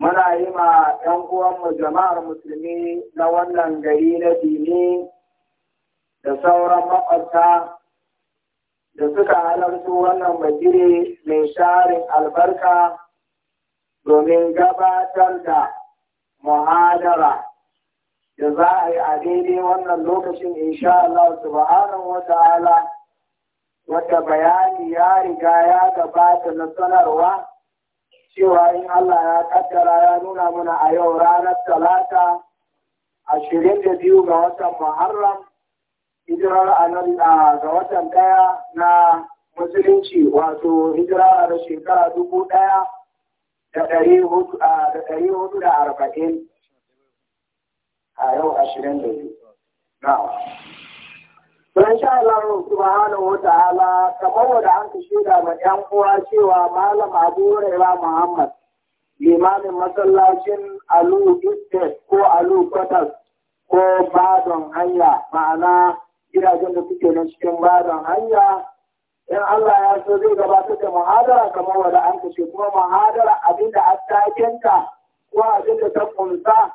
muna yi ma ‘yan uwanmu jama'ar musulmi na wannan gari na dini da sauran maƙwabta da suka halarci wannan bajire mai sharin albarka domin gabatar da muhadara da za a yi a daidai wannan lokacin insha Allah subhanahu wa ta'ala wata bayani ya riga ya gabata na sanarwa cewa in Allah ya kaddara ya nuna mana a yau ranar talata ashirin da biyu ga watan Muharram hijirar a anan ga watan daya na musulunci wato hijira da shekara dubu daya da ɗari hudu da arba'in a yau ashirin da biyu. don sha Allah subhanahu wa ta'ala kamar wanda an ka ma yan uwa cewa malam Abu Hurairah Muhammad limamin masallacin Alu Estate ko Alu Kotas ko Badon Hanya ma'ana gidajen da suke na cikin Badon Hanya in Allah ya so zai gabatar da muhadara kamar wanda an ka kuma muhadara abinda a takenta ko abinda ta kunsa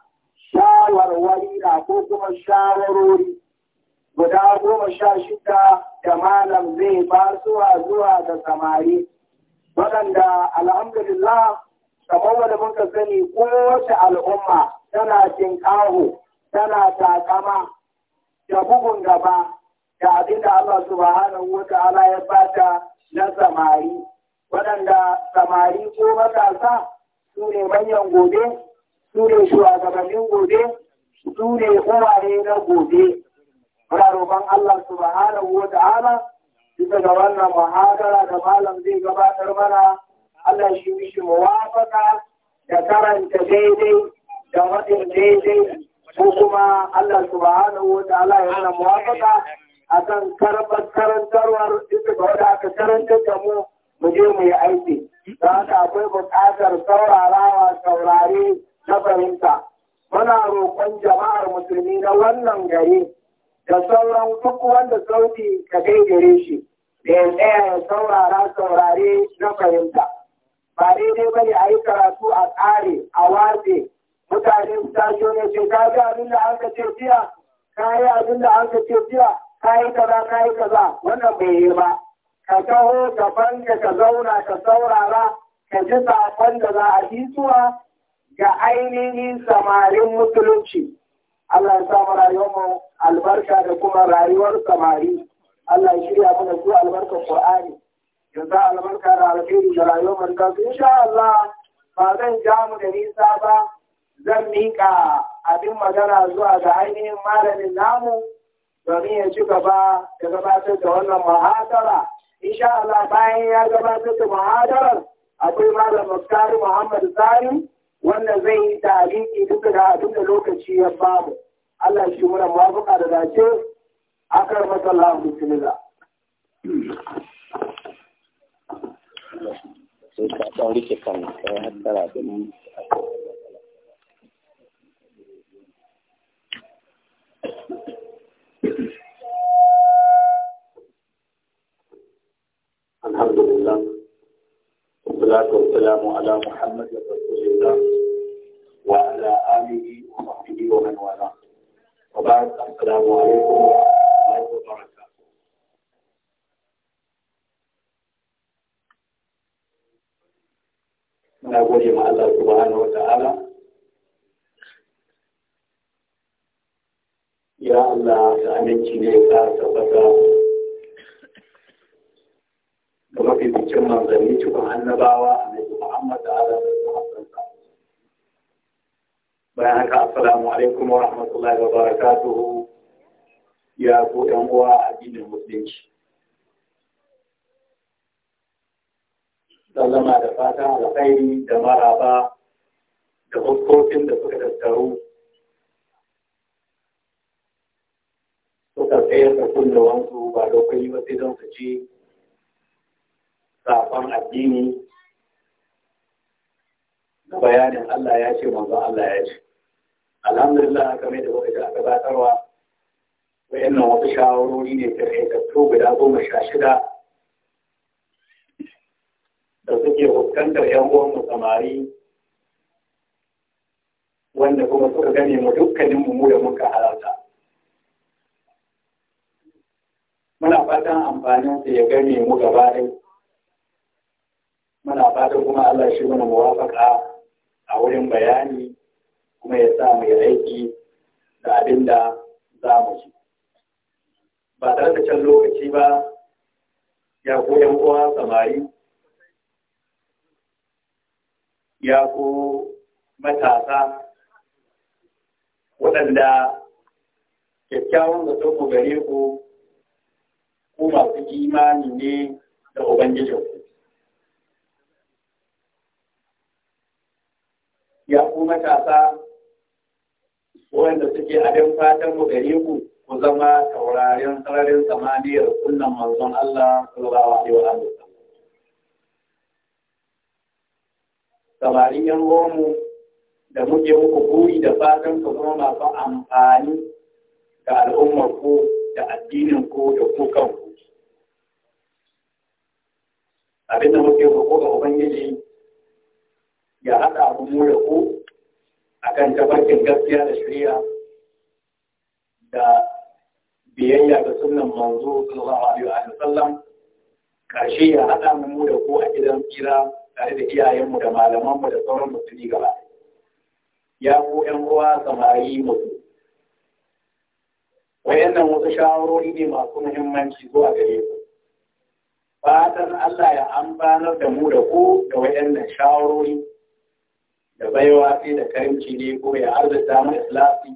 shawarwari na ko kuma shawarori guda goma sha shida da malam zai basuwa zuwa da samari waɗanda alhamdulillah kamar wanda muka sani kowace al'umma tana kawo tana takama da bugun gaba da abin da Allah subhanahu wa ta'ala ya bata na samari waɗanda samari ko matasa su ne manyan gobe su ne shugabannin gobe su ne uwaye na gobe muna roƙon Allah subhanahu wa ta'ala bisa ga wannan muhadara da malam zai gabatar mana Allah shi mishi muwafaka da karanta daidai da wadin daidai ko kuma Allah subhanahu wa ta'ala ya mana a akan karbar karantarwar duka ga wanda aka karanta da mu mu je mu yi aiki Za haka akwai buƙatar saurarawa saurare na fahimta muna roƙon jama'ar musulmi na wannan gari da sauran duk wanda sauti ka kai gare shi da ya tsaya ya saurara saurare na fahimta ba daidai ba ne a yi karatu a tsare a watse mutane su tashi ne ce ka ga abin da aka ce jiya ka yi abin da aka ce jiya ka yi kaza ka yi kaza wannan bai yi ba ka taho ka fanka ka zauna ka saurara ka ji saƙon da za a hisuwa ga ainihin samarin musulunci Allah ya samu rayuwar mu albarka da kuma rayuwar samari Allah ya shirya mana su albarkar Qur'ani yanzu albarka da alheri da rayuwar manzo insha Allah ba zan ja mu da nisa ba zan miƙa abin magana zuwa ga ainihin malamin namu domin ya ci gaba da gabatar da wannan mahadara insha Allah bayan ya gabatar da mahadarar akwai malam Muftari Muhammad Sari wanda zai yi tarihi duk da duk lokaci ya babu. الله شمرا موافق على ذلك أكرمك الله بسم الله الحمد لله والصلاة والسلام على محمد رسول الله وعلى آله وصحبه ومن والاه وبعد السلام عليكم ورحمة الله وبركاته na gode ma Allah subhanahu wa ta'ala ya Allah ya aminci ne ka tabbata da mafi bikin manzanni cikin annabawa bayan haka alaikum wa ya ko a addinin musulunci sallama da fata alkhairi da maraba da da suka tattaru da ba lokaci ba sai don su ci safon addini bayanin Allah ya ce manzo Allah ya ce alhamdulillah game da wata da gabatarwa wayannan wasu shawarori ne ta kaitattu guda goma sha shida da suke fuskantar yan mu samari wanda kuma suka gane mu dukkanin mu da muka halarta muna fatan amfanin su ya gane mu gaba muna fatan kuma Allah shi mana muwafaka a wurin bayani kuma ya sa mai aiki da abin da za mu ji ba tare da can lokaci ba ya ko yan uwa samari ya ko matasa waɗanda kyakkyawan da ku gare ku ko masu imani ne da ubangijinku ya ku matasa wanda suke abin fatan mu gare ku ku zama taurarin sararin samaniyar kunnan manzon Allah sallallahu alaihi wa alihi Samari yan gomu da muke muku buri da fatan ku zama masu amfani ga al'ummar ku da addinin ku da ku kanku. Abin da muke roƙo ga Ubangiji ya haɗa mu da ku akan tabarkin gaskiya da shari'a da biyayya ga sunan manzo sallallahu alaihi wa sallam karshe ya hada mu da ku a gidan tsira tare da iyayenmu da malamanmu da sauran musulmi gaba ya ku ƴan uwa samari mutu. wayannan wasu shawarori ne masu muhimmanci zuwa gare ku fatan Allah ya amfanar da mu da ku da wayannan shawarori da baiwa sai da karimci ne ko ya arzuta mai ikhlasi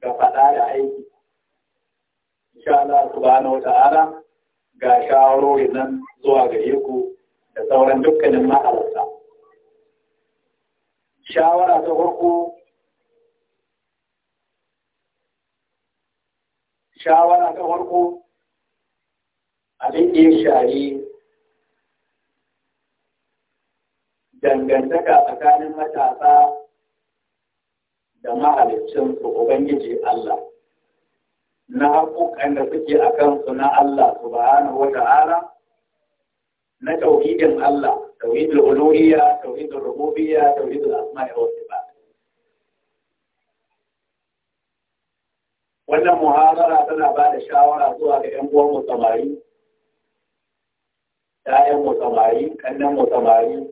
ga faɗa da aiki insha Allah wata ara ga shawarori nan zuwa ga ku da sauran dukkanin ma'aurata shawara ta farko shawara ta farko abin da ya shari dangantaka tsakanin matasa da mahaliccinsu Ubangiji Allah, na haƙoƙan da suke a kansu na Allah subhanahu wa ta'ala, na tauhidin Allah, tauhidul uluhiyya, tauhidul rububiyya, tauhidul asma'i wa sifat. Wannan muhazara tana ba da shawara zuwa ga ‘yan uwan mu samari, ‘ya'yan mu samari, ƙannen mu samari,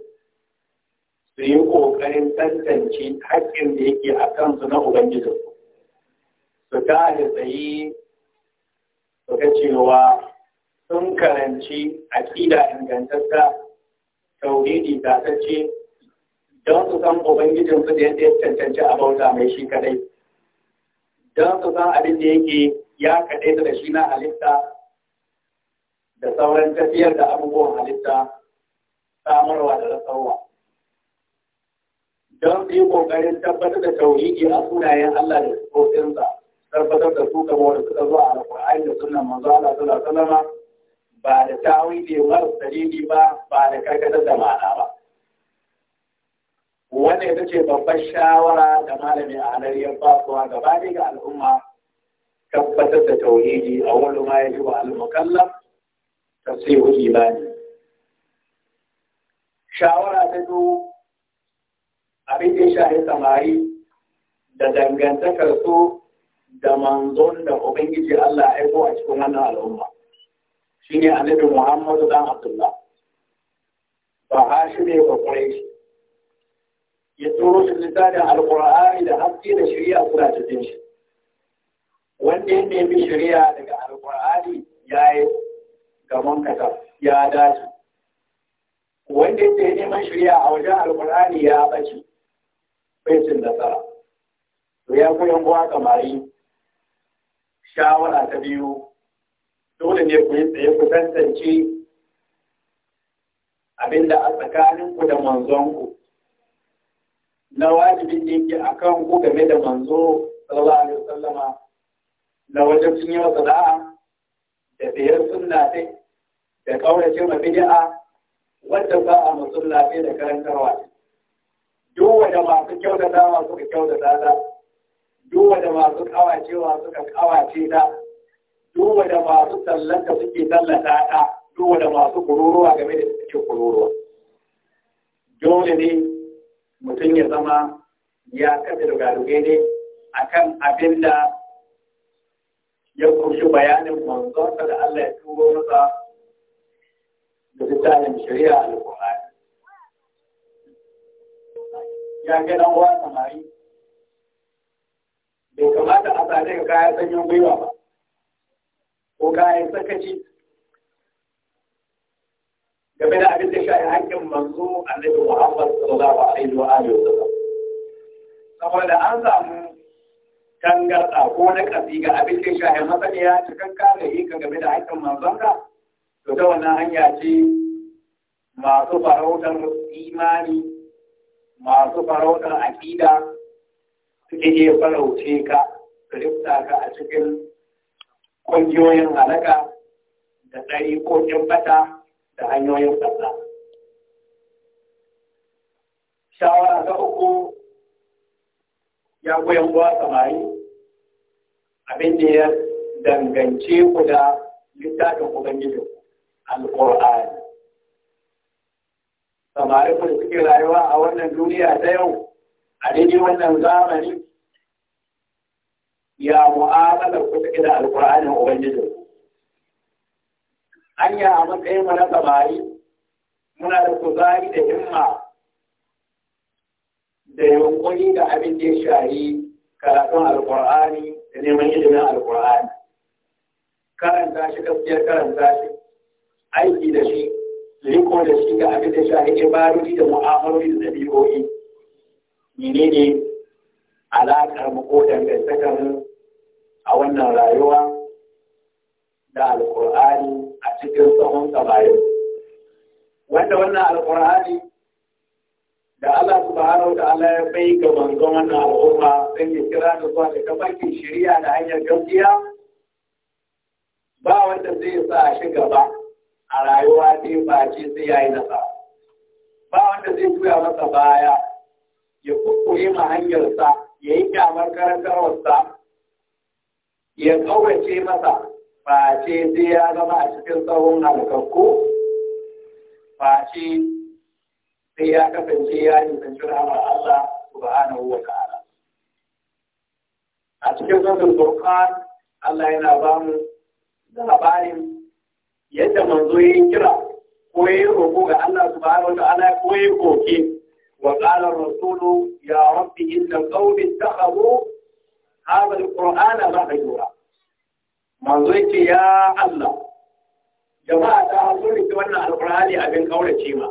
su yi ƙoƙarin tantance haƙƙin da yake a kansu na Ubangijin su ta da tsayi su ga cewa sun karanci aƙida ingantatta tauridi tatacce don su san Ubangijin su da yadda ya cancanci a bauta mai shi kadai don su san abin da yake ya kaɗai da shi na halitta da sauran tafiyar da abubuwan halitta samarwa da rasarwa. don su ƙoƙarin tabbatar da tauhidi a sunayen Allah da sifofinsa tabbatar da su kamar wanda suka zo a alƙur'ani da sunan manzo Allah sallallahu alaihi wasallam ba da tawili marar dalili ba ba da karkatar da ma'ana ba wanda ta ce babbar shawara da malami a halariyar fasuwa gaba ne ga al'umma tabbatar da tauhidi a wani ma ya wa al-mukallaf tasihu imani shawara ta biyu abin da ya ya samari da dangantakar su da manzon da ubangiji Allah ya aiko a cikin wannan al'umma Shi ne annabi Muhammadu dan Abdullah ba ne ba shi ya turo shi littafin alqur'ani da haske da shari'a kuna cikin shi wanda ya nemi shari'a daga ya yi gaban kasa ya dace wanda ya neman shari'a a wajen alqur'ani ya bace bai da tsara. to ya ku yan uwa kamari shawara ta biyu dole ne ku yi tsaye ku tantance abin da a tsakaninku da manzon ku. na wajibin da yake a kan ku game da manzo sallallahu alaihi wasallama na wajen sun yi masa da'a da biyar sunna da kaurace ma bid'a wadda ba a musulla da karantarwa masu wanda masu dawa suka kyautata ta duk wanda masu kawacewa suka kawace ta Duwada wanda masu tallanta suke tallata ta duwada masu kururuwa game da suke kururuwa dole ne mutum ya zama ya kafa rugaruge ne a kan abin da ya kunshi bayanin manzonsa da Allah ya turo masa da littafin shari'a al-Qur'ani ya kai dan uwa samari bai kamata a sade ka kayan sanyin gwiwa ba ko kayan sakaci game da abin da shafi hakkin manzo annabi Muhammad sallallahu alaihi wa alihi wasallam saboda an samu tangarɗa ko na ƙasi ga abin da shafi masaniya cikin kare ka game da hakkin ka, to ta wannan hanya ce masu farautar imani masu farautar aƙida suke iya farauce ka da ka a cikin ƙungiyoyin halaka da ko bata da hanyoyin ƙasa. Shawara ta uku ya goyon ruwa samari abin da ya dangance ku da littafin Ubangiji, Al-Qur'ani. samarin da suke rayuwa a wannan duniya ta yau a daidai wannan zamani ya mu'amala ku suke da alƙur'anin ubangiji hanya a matsayin mu na samari muna da kuzari da himma da yunƙuri da abin da ya shari karatun alƙur'ani da neman ilimin alƙur'ani karanta shi gaskiyar karanta shi aiki da shi riko da shi ga abin da shahi da mu'amaloli da ɗabi'o'i menene alaƙar mu ko dangantakar a wannan rayuwa da alƙur'ani a cikin tsawon samayin wanda wannan alƙur'ani da Allah subhanahu da Allah ya bai ga manzon wannan al'umma sai ya kira da zuwa da tafarkin shari'a da hanyar gaskiya ba wanda zai sa shi gaba a rayuwa ne ba ce sai ya yi nasa ba wanda zai kuya masa baya ya kukkure ma hanyarsa ya yi kyamar karantarwarsa ya kawace masa ba ce sai ya zama a cikin tsawon halakakku ba ce sai ya kasance ya yi zancen Allah subhanahu wa ta'ala a cikin sautin Qur'an Allah yana ba mu labarin yadda manzo ya kira ko ya roƙo ga Allah subhanahu wataala ko ya koke wa qala rasulu ya rabbi inna qaumi ittakhadhu hadha alqur'ana mahjura manzo yake ya Allah jama'a ta sun rike wannan alqur'ani abin kaurace ma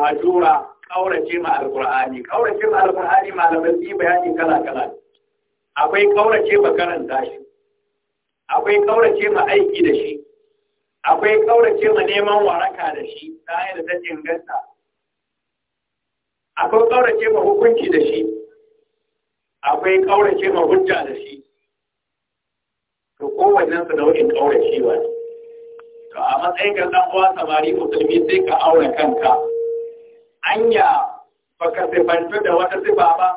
mahjura kaurace ma alqur'ani kaurace ma alqur'ani malamin su bayani kala kala akwai kaurace ma karanta shi akwai kaurace ma aiki da shi akwai kaurace ma neman waraka da shi ta hanyar da ta inganta akwai kaurace ma hukunci da shi akwai kaurace ma hujja da shi to kowannen su nau'in kauracewa ne to a matsayin ga dan uwa samari musulmi sai ka aure kanka anya baka sifantu da wata sifa ba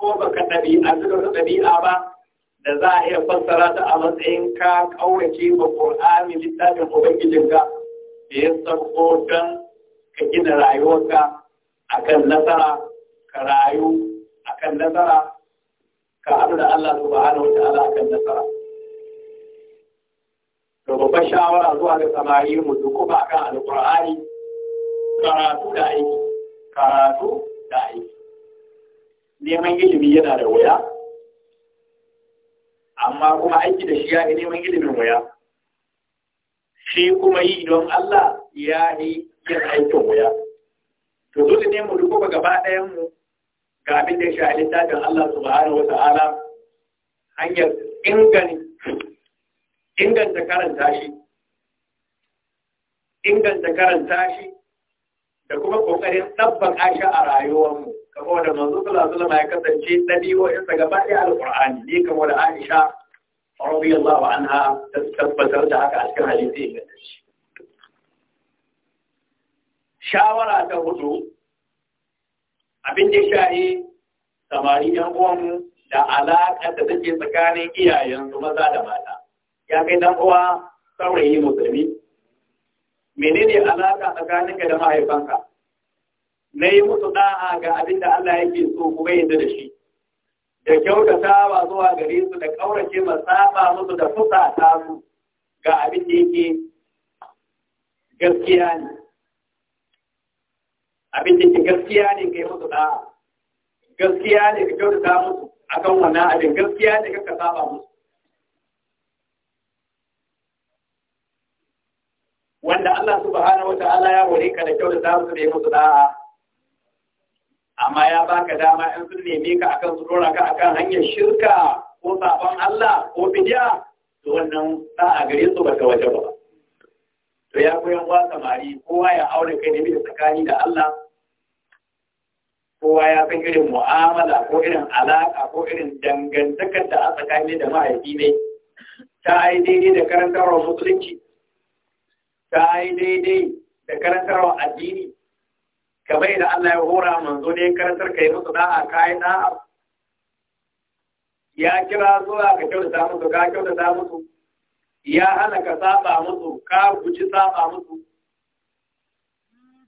ko baka ɗabi'a da wata ɗabi'a ba da za a iya fassara ta a matsayin ka kawace ba Qur'ani littafin Ubangijinka da ya sauko don ka gina rayuwarka kan nasara ka rayu a kan nasara ka abu da Allah ala a kan nasara da babban shawara zuwa ga samari mu a kan alqur'ani karatu da aiki karatu da aiki neman ilimi yana da wuya amma kuma aiki da shi ya yi neman ilimin waya shi kuma yi don Allah ya yi yin aikin waya to dole ne mu kuma gaba ɗayan mu ga abin da shi a littafin Allah subhanahu wata'ala hanyar inganta karanta shi inganta karanta shi da kuma ƙoƙarin ɗabbaka shi a rayuwarmu kamar da manzo sallallahu alaihi ya kasance dabi'o'insa gaba ɗaya alqur'ani ne kamar da Aisha radiyallahu anha ta tabbatar da haka a cikin hadisi shawara ta hudu abin da shahi samari yan uwan, da alaƙa da take tsakanin iyayensu maza da mata ya kai dan uwa saurayi musulmi menene alaƙa tsakaninka da mahaifanka na yi musu da'a ga abin da Allah yake so kuma yadda da shi da kyautatawa zuwa gare su da ba saba musu da ta su ga abin da yake gaskiya ne abin da yake gaskiya ne kai musu da'a gaskiya ne da kyautata musu akan wannan abin gaskiya ne ka saba musu wanda Allah subhanahu ta'ala ya wuri ka da kyautata musu da yi musu da'a amma ya baka dama in sun neme ka akan su dora ka akan hanyar shirka ko sabon Allah ko bidiya to wannan sa a gare su baka waje ba to ya koyan wa samari kowa ya aure kai ne tsakani da Allah kowa ya san irin mu'amala ko irin alaka ko irin dangantakar da a tsakani da mahaifi ne ta yi daidai da karantarwa musulunci ta yi daidai da karantarwa addini ka bai da Allah ya hora manzo ne karantar kai musu da a kayan da ya kira zuwa ka kyautata musu ka kyautata musu ya hana ka saba musu ka guji saba musu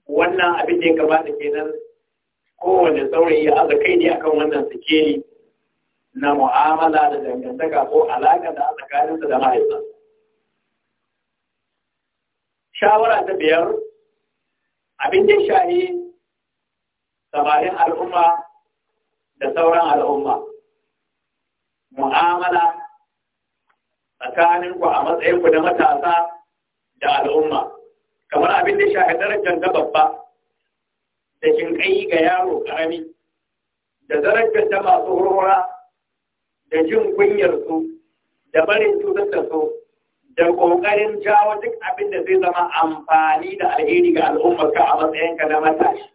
wannan abin da ya gabata kenan kowane saurayi ya aza kai ne akan wannan sikeli na mu'amala da dangantaka ko alaƙa da tsakaninsa da mahaifa. Shawara ta biyar abin da shahi samarin al'umma da sauran al'umma mu'amala tsakaninku a matsayinku da matasa da al'umma kamar abin da shahadar ganga babba da shinkai ga yaro ƙarami, da darajar ta masu hurhura da jin kunyarsu da barin cutattasu da ƙoƙarin jawo duk abin da zai zama amfani da alheri ga al'ummarka a matsayinka na matashi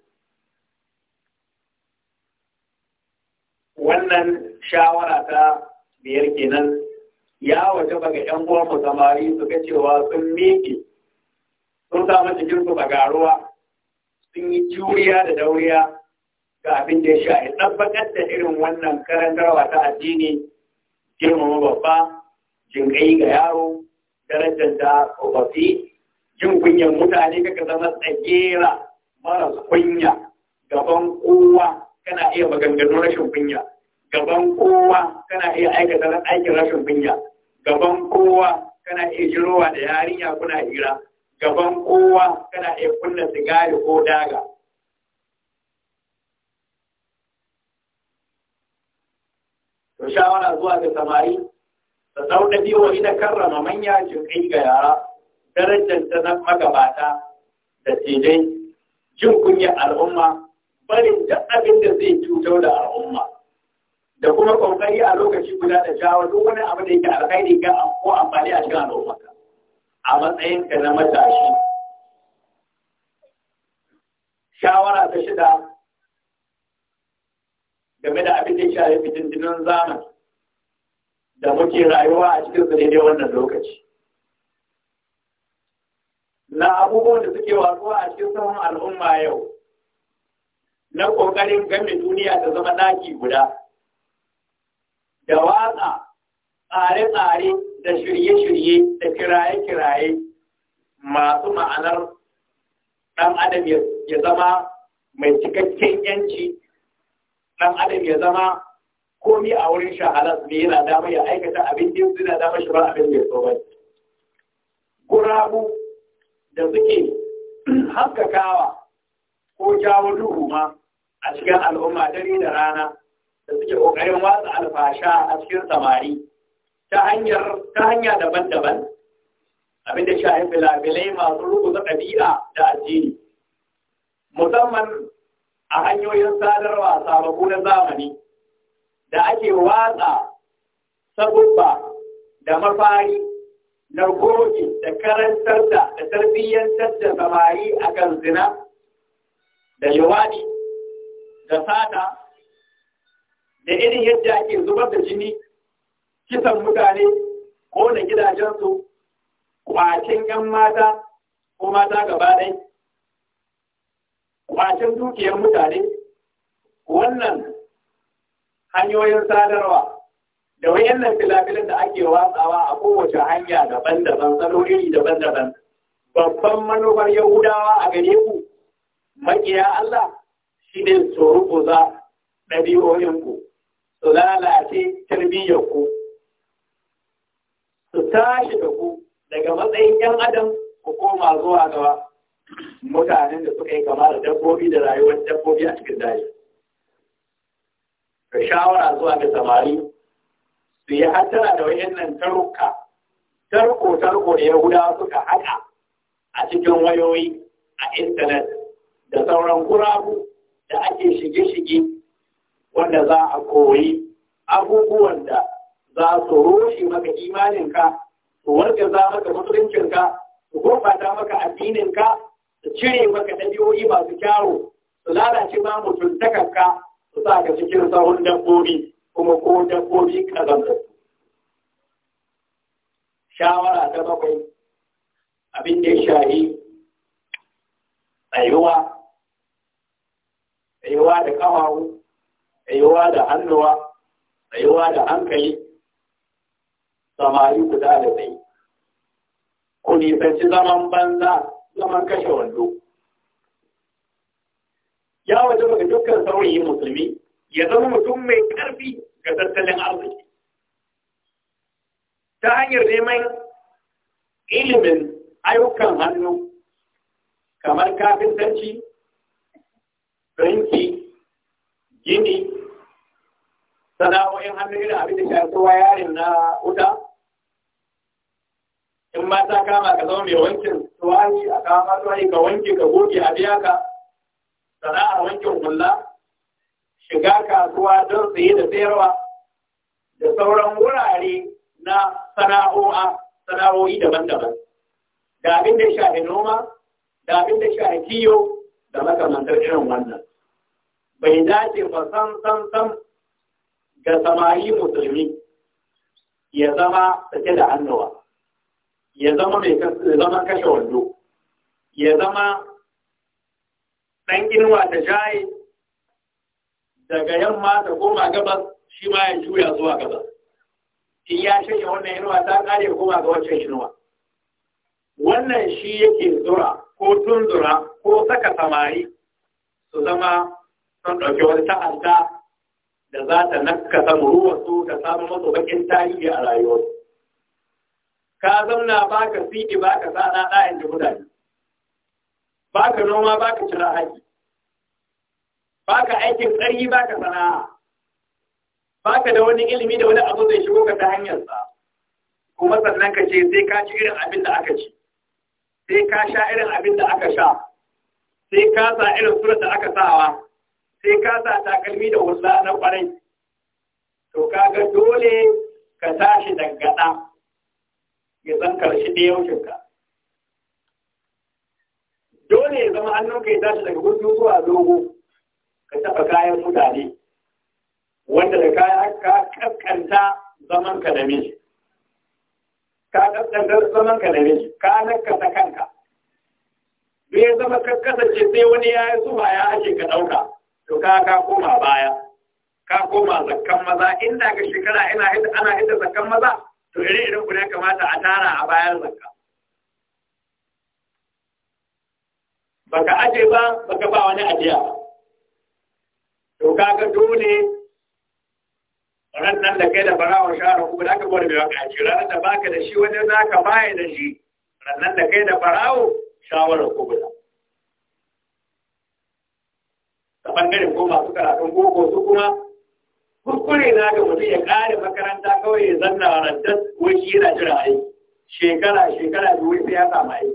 wannan shawara ta biyar kenan ya waje ga ‘yan uwanmu samari su ga cewa sun miƙe sun samu jikin su garuwa sun yi juriya da dauriya ga abin da ya sha ya tabbatar da irin wannan karantarwa ta addini girmama babba jinƙai ga yaro darajar da tsofaffi jin kunyar mutane kaka zama tsagera mara kunya gaban kowa kana iya maganganu rashin kunya gaban kowa kana iya aikata aikin rashin kunya gaban kowa kana iya jirowa da yarinya kuna hira gaban kowa kana iya kunna sigari ko daga to shawara zuwa ga samari da biyu biyo na karrama manya jinkai ga yara darajar ta magabata da tejai jin kunya al'umma barin da abin da zai cutar da al'umma da kuma kokari a lokaci guda da jawo duk wani abu da yake alkhairi ga ko amfani a cikin al'ummarka a matsayin ka na matashi shawara ta shida game da abin da ya shafi fitintinin zamani da muke rayuwa a cikin su daidai wannan lokaci na abubuwan da suke wasuwa a cikin sauran al'umma yau na ƙoƙarin game duniya ta zama ɗaki guda da watsa tsare-tsare da shirye-shirye da kiraye-kiraye masu ma'anar ɗan adam ya zama mai cikakken yanci ɗan adam ya zama komi a wurin shahalas ne yana dama ya aikata abin da yanzu na dama shi ba abin da ya so bai gurabu da suke haskakawa ko jawo duhu ma a cikin al'umma dare da rana da suke ƙoƙarin watsa alfasha a cikin samari ta hanyar ta hanya daban-daban abinda shahin filafilai masu rubuta ɗabi'a da addini musamman a hanyoyin sadarwa sababu na zamani da ake watsa sabubba da mafari na goge da karantar da da tarbiyyantar da samari a kan zina da yawani da sata da irin yadda ake zubar da jini kisan mutane ko na gidajensu kwacin yan mata ko mata gaba ɗai kwacin dukiyar mutane wannan hanyoyin sadarwa da wayannan filafilin da ake watsawa a kowace hanya daban-daban tsaloli daban-daban babban manufar yahudawa a gare ku makiya Allah shi ne tsoro ku za ɗabi'o'inku su lalace tarbiyyar su tashi da ku daga matsayin yan adam ku koma zuwa gaba mutanen da suka yi kama da dabbobi da rayuwar dabbobi a cikin daji ka shawara zuwa ga samari su yi hattara da wayannan taruka tarko tarko da yahudawa suka haɗa a cikin wayoyi a intanet da sauran kurabu da ake shige-shige wanda za a koyi abubuwan da za su roshe maka imaninka su warke za maka musuluncinka su gurɓata maka addininka su cire maka ɗabi'o'i masu kyawo, su lalace ma mutuntakarka su sa ka cikin sahun dabbobi kuma ko dabbobi su. shawara ta bakwai abin da ya shahi tsayuwa tsayuwa da ƙawawu tsayuwa da hannuwa tsayuwa da hankali samari guda da tsayi ku nisanci zaman banza zaman kashe wando ya waje daga dukkan sauyi musulmi ya zama mutum mai ƙarfi ga tattalin arziki ta hanyar neman ilimin ayyukan hannu kamar kafin tanci, rinki, gini, sana'o'in hannu irin abin da shafi kowa yarin na wuta in ma ta kama ka zama mai wankin tuwahi a kama tuwahi ka wanke ka goge a biya ka sana'ar wankin hula shiga kasuwa don tsaye da tsayarwa, da sauran wurare na sana'o'a sana'o'i daban-daban da abin da shafi noma da abin da shafi kiyo da makamantar irin wannan bai dace ba san san san ga yi musulmi ya zama take da hannuwa ya zama mai zama kashe wando ya zama ɗan inuwa ta shaye daga yamma ta koma gabas shi ma ya juya zuwa gabas in ya shanya wannan inuwa ta kare koma ga wancan inuwa wannan shi yake zura ko tunzura ko saka samari su zama sun ɗauki wani ta'adda da za ta nakasa su, ta samu masu bakin tarihi a rayuwarsu. Ka zauna ba ka siɗi ba ka sa ɗaɗa in ji mutane, ba ka noma ba ka cira haƙi, ba ka aikin ƙarfi ba ka sana'a, ba ka da wani ilimi da wani abu zai shigo ka ta hanyarsa, kuma sannan ka ce sai ka ci irin abin da aka ci, sai ka sha irin abin da aka sha, sai ka sa irin surat da aka sawa, sai ka sa takalmi da hulla na kwarai to kaga dole ka tashi dangada ya san karshe ɗaya ka dole ya zama ka ya tashi daga gudu zuwa dogo ka taɓa kayan mutane wanda da kaya ka kaskanta zaman ka da miji ka kaskanta zaman ka da miji ka nakasa kanka bai zama kakkasa ce sai wani ya yi zuwa ya ake ka ɗauka to ka ka koma baya ka koma zakkan maza inda ga shekara ina ana hidda zakkan maza to ire irin ku ne kamata a tara a bayan zakka baka aje ba baka ba wani ajiya to ga dole ran nan da kai da barawar shara ku da aka gode mai waka ajiya ran da baka da shi wani za ka baya da shi ran nan da kai da shawara shawarar kubula a ko masu karatun boko su kuma kuskure na ga mutum ya kare makaranta kawai ya zanna a rantar wai shi yana jira aiki shekara shekara biyu sai ya samu aiki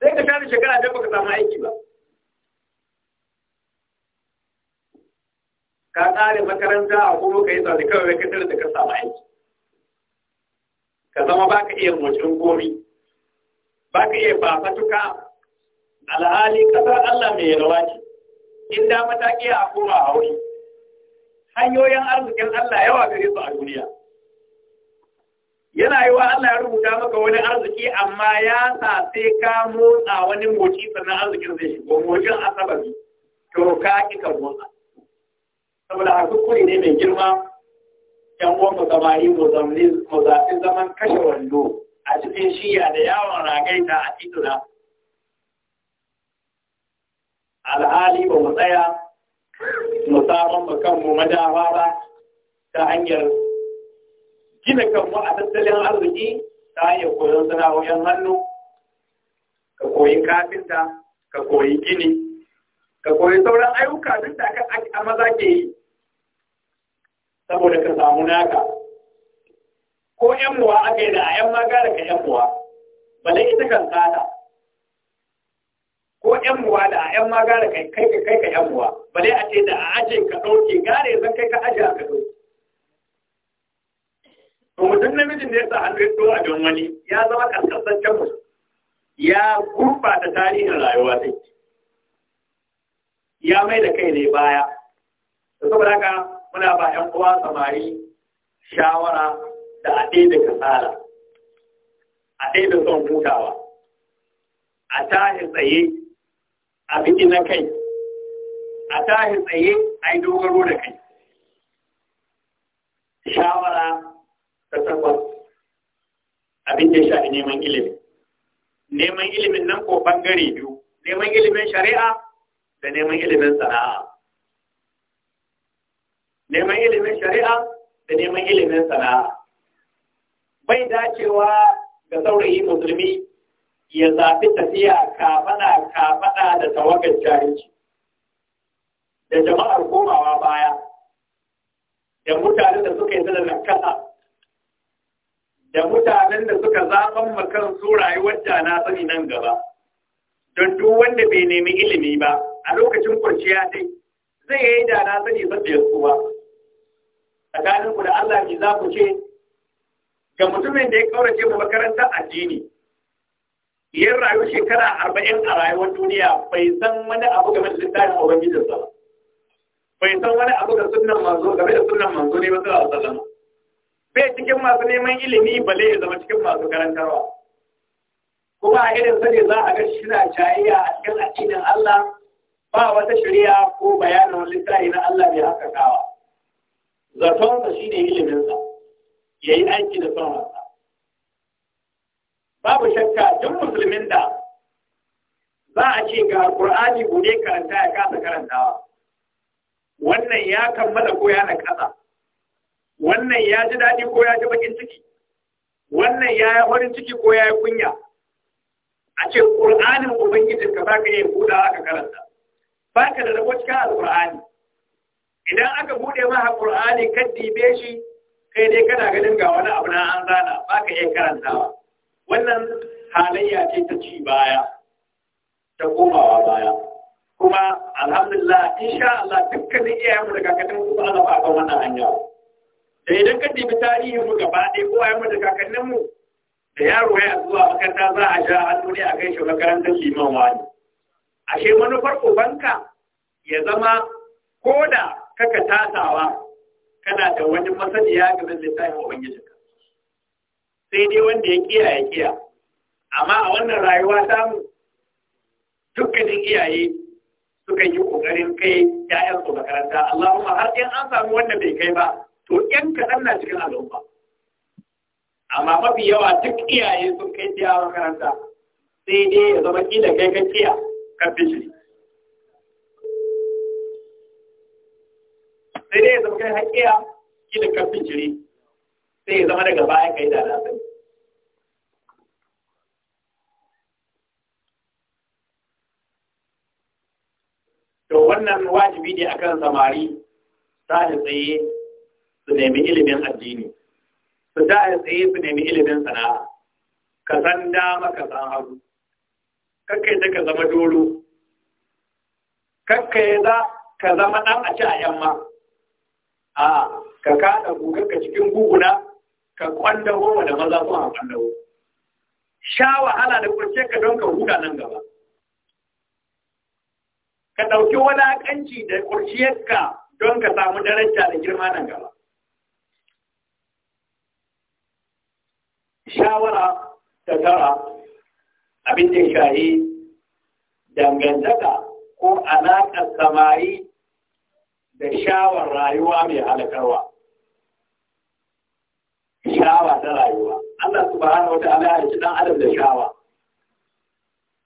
sai ka tare shekara da baka samu aiki ba ka kare makaranta a kuma kai sa da kawai ka tare da ka samu aiki ka zama ba ka iya mutum komi ba ka iya fafatuka alhali kasar Allah mai yalwa ce in da mataki a koma a wuri hanyoyin arzikin Allah yawa gare su a duniya yana yi wa Allah ya rubuta maka wani arziki amma ya sa sai ka motsa wani moci sannan arzikin zai shigo mocin asababi to ka ki ka motsa saboda haka kuri ne mai girma yan uwan mu mu zafi zaman kashe wando a cikin shiya da yawon ragaita a tituna al'ali ba mu tsaya mu saman mu kanmu madawa ba ta hanyar gina kanmu a tattalin arziki ta hanyar koyon sana'o'in hannu ka koyi kafinta ka koyi gini ka koyi sauran ayyuka duk da a maza ke yi saboda ka samu naka ko yan muwa aka yi da a yan magara ka yan muwa balai ita kan tsada ko ƴan uwa da ƴan ma gara kai kai ka kai ka ƴan uwa bale a ce da a aje ka dauke gare zan kai ka aje ka dauke to mutum namijin da ya sa hannu ya a don wani ya zama karkasaccen mu ya gurbata tarihin rayuwa ta ya mai da kai ne baya da saboda haka muna ba ƴan uwa samari shawara da a da kasala a da son hutawa a tashi tsaye a biki na kai a tahi tsaye a yi dogaro da kai shawara ta takwas abin da shafi neman ilimi neman ilimin nan ko bangare biyu neman ilimin shari'a da neman ilimin sana'a neman ilimin shari'a da neman ilimin sana'a bai dacewa ga saurayi musulmi ya zafi tafiya kafada kafada da tawagar jahilci da jama'ar komawa baya da mutane da suka yi da kasa da mutanen da suka zaɓan makan su rayuwar da na sani nan gaba don duk wanda bai nemi ilimi ba a lokacin kwanciya dai zai yi da na sani ba da tsuwa tsakanin da Allah ne za ku ce ga mutumin da ya kaurace mu makarantar addini yin rayu shekara arba'in a rayuwar duniya bai san wani abu game da littafin ubangijinsa ba bai san wani abu da sunan manzo game da sunan manzo ne wasu a sallama bai cikin masu neman ilimi bale ya zama cikin masu karantarwa kuma a irin sani za a ga shi na jayayya a cikin addinin Allah ba wata shari'a ko bayanin littafi na Allah mai haka kawa zaton sa shine ilimin sa yi aiki da son babu shakka duk musulmin da za a ce ga Qur'ani gode karanta ya kasa karantawa wannan ya kammala ko ya na kasa wannan ya ji daɗi ko ya ji bakin ciki wannan ya yi horin ciki ko ya yi kunya a ce ƙur'anin ubangijin ka ba ka iya buɗa aka karanta ba ka da rabo cikin alƙur'ani idan aka buɗe ma ƙur'ani kaddi, dibe shi kai dai kana ganin ga wani abu na an zana ba ka iya karantawa wannan halayya ce ta ci baya ta komawa baya kuma alhamdulillah insha Allah dukkanin iyayenmu da kakanninmu ba za kan wannan hanya da idan ka dibi tarihin mu gaba ɗaya ko ayyuka da kakanninmu da yaro ya zuwa makaranta za a sha hannu ne a kai shi makarantar liman wani ashe manufar ubanka ya zama ko da kaka tasawa kana da wani masaniya game da littafin ubangijinka sai dai wanda ya kiya ya kiya amma a wannan rayuwa samu dukkanin iyaye suka yi kokarin kai ya'yan su makaranta Allahumma har in an samu wanda bai kai ba to 'yan kaɗan na cikin al'umma amma mafi yawa duk iyaye sun kai jiya makaranta sai dai ya zama kila kai ka kiya ka fishi sai dai ya zama kai kiya kila ka fijiri sai ya zama daga baya kai da na sani to wannan wajibi ne akan samari tashi tsaye su nemi ilimin addini su tashi tsaye su nemi ilimin sana'a ka san dama ka san hagu kakai ta ka zama doro kakai za ka zama ɗan a ci a yamma a ka kada gugar ka cikin guguna ka kwandawo wa da maza kuma kwandawo sha wahala da kurce ka don ka huta nan gaba ka ɗauki wulaƙanci da kurciyarka don ka samu daraja da girma nan gaba shawara ta tara abin da shahi dangantaka ko alaƙar samari da shawar rayuwa mai halakarwa shawa ta rayuwa Allah subhanahu wataala ya ci dan adam da shawa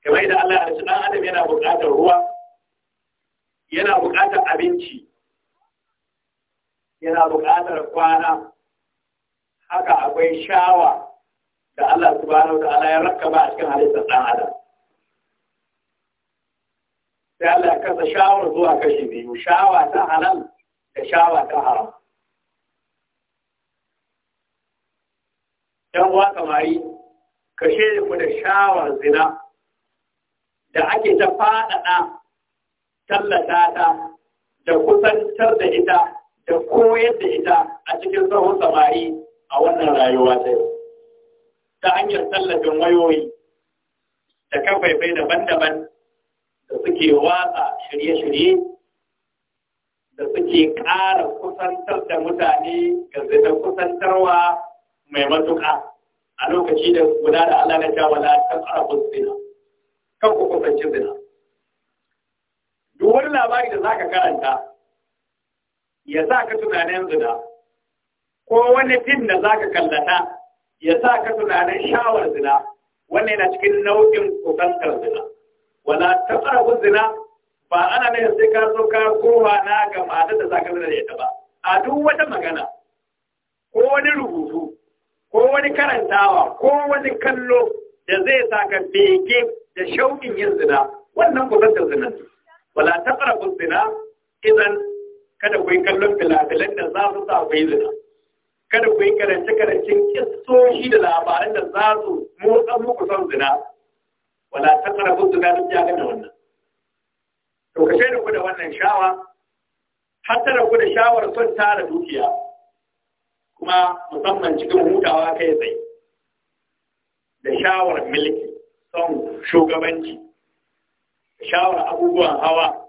kamar yadda Allah ya ci dan adam yana buƙatar ruwa yana buƙatar abinci yana buƙatar kwana haka akwai shawa da Allah subhanahu wataala ya rakkaba a cikin halittar dan adam sai Allah ya kasa shawar zuwa kashi biyu shawa ta halal da shawa ta haram ‘yan uwa samari, ka shaida ku da shawar zina da ake ta faɗaɗa tallata ta da kusantar da ita da koyar da ita a cikin tsohon samari a wannan rayuwa ta yau. Ta hanyar tallafin wayoyi da kafaifai daban-daban da suke watsa shirye-shirye da suke ƙara kusantar da mutane ga zina kusantarwa mai matuƙa a lokaci da guda da Allah na jawa kan ta fara zina kan ku zina duk wani labari da za ka karanta ya sa ka tunanin zina ko wani fim da za ka kallata ya sa ka tunanin shawar zina wannan yana cikin nau'in kukantar zina wala ta arafin zina ba ana ne sai ka zo ka kowa na ga matar da ka zina da ita ba a duk wata magana ko wani rubutu ko wani karantawa ko wani kallo da zai saka bege da shauƙin yin zina wannan ku zata zina wala taqrabu zina idan kada ku yi kallon filafilan da za su sa ku yi zina kada ku yi karance karancin kistoshi da labaran da za su motsa muku son zina wala taqrabu zina duk ya gane wannan to ka shaida ku da wannan shawa hatta da ku da shawar son tara dukiya kuma musamman cikin hutawa kai tsaye da shawar milki son shugabanci da shawar abubuwan hawa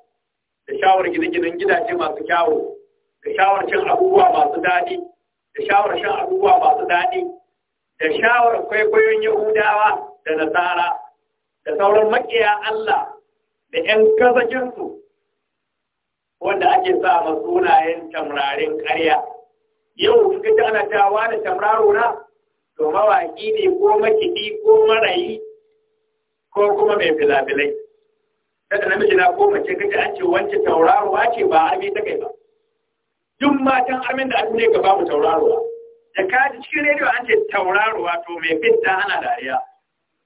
da shawar gine-ginen gidaje masu kyawo. da shawar cin abubuwa masu daɗi da shawar shan abubuwa masu daɗi da shawar kwaikwayon yahudawa da nasara da sauran makiya Allah da ‘yan kasakinsu wanda ake sa sunayen tamrarin ƙarya. yau in ta ana tawa da tamraro na to mawaƙi ne ko makiɗi ko marayi ko kuma mai filafilai kada namiji na ko mace ka an ce wance tauraruwa ce ba abi ta kai ba duk matan amin da an ne ka babu tauraruwa da ka ji cikin rediyo an ce tauraruwa to mai fitta ana dariya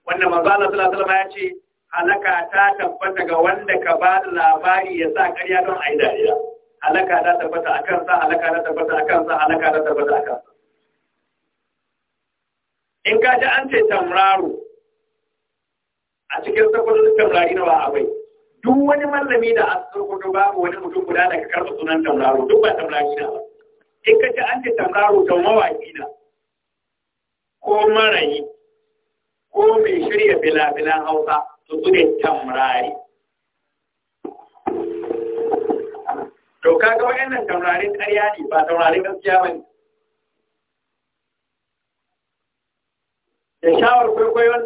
wannan manzo Allah sallallahu ya ce halaka ta tabbata ga wanda ka ba da labari ya sa ƙarya don a yi dariya halaka da tabbata a kansa halaka da tabbata a kansa halaka da tabbata a kansa in ka ji an ce tamraro a cikin sakwadon tamrari na ba a bai. duk wani mallami da a sakwadon babu wani mutum guda daga karɓa sunan tamraro duk ba tamrari na ba in ka ji an ce tamraro to mawaƙi na ko marayi ko mai shirya filafilan hausa su su ne tamrari to kaga nan taurarin ƙarya ne ba taurarin gaskiya ba ne. da shawar kwaikwayon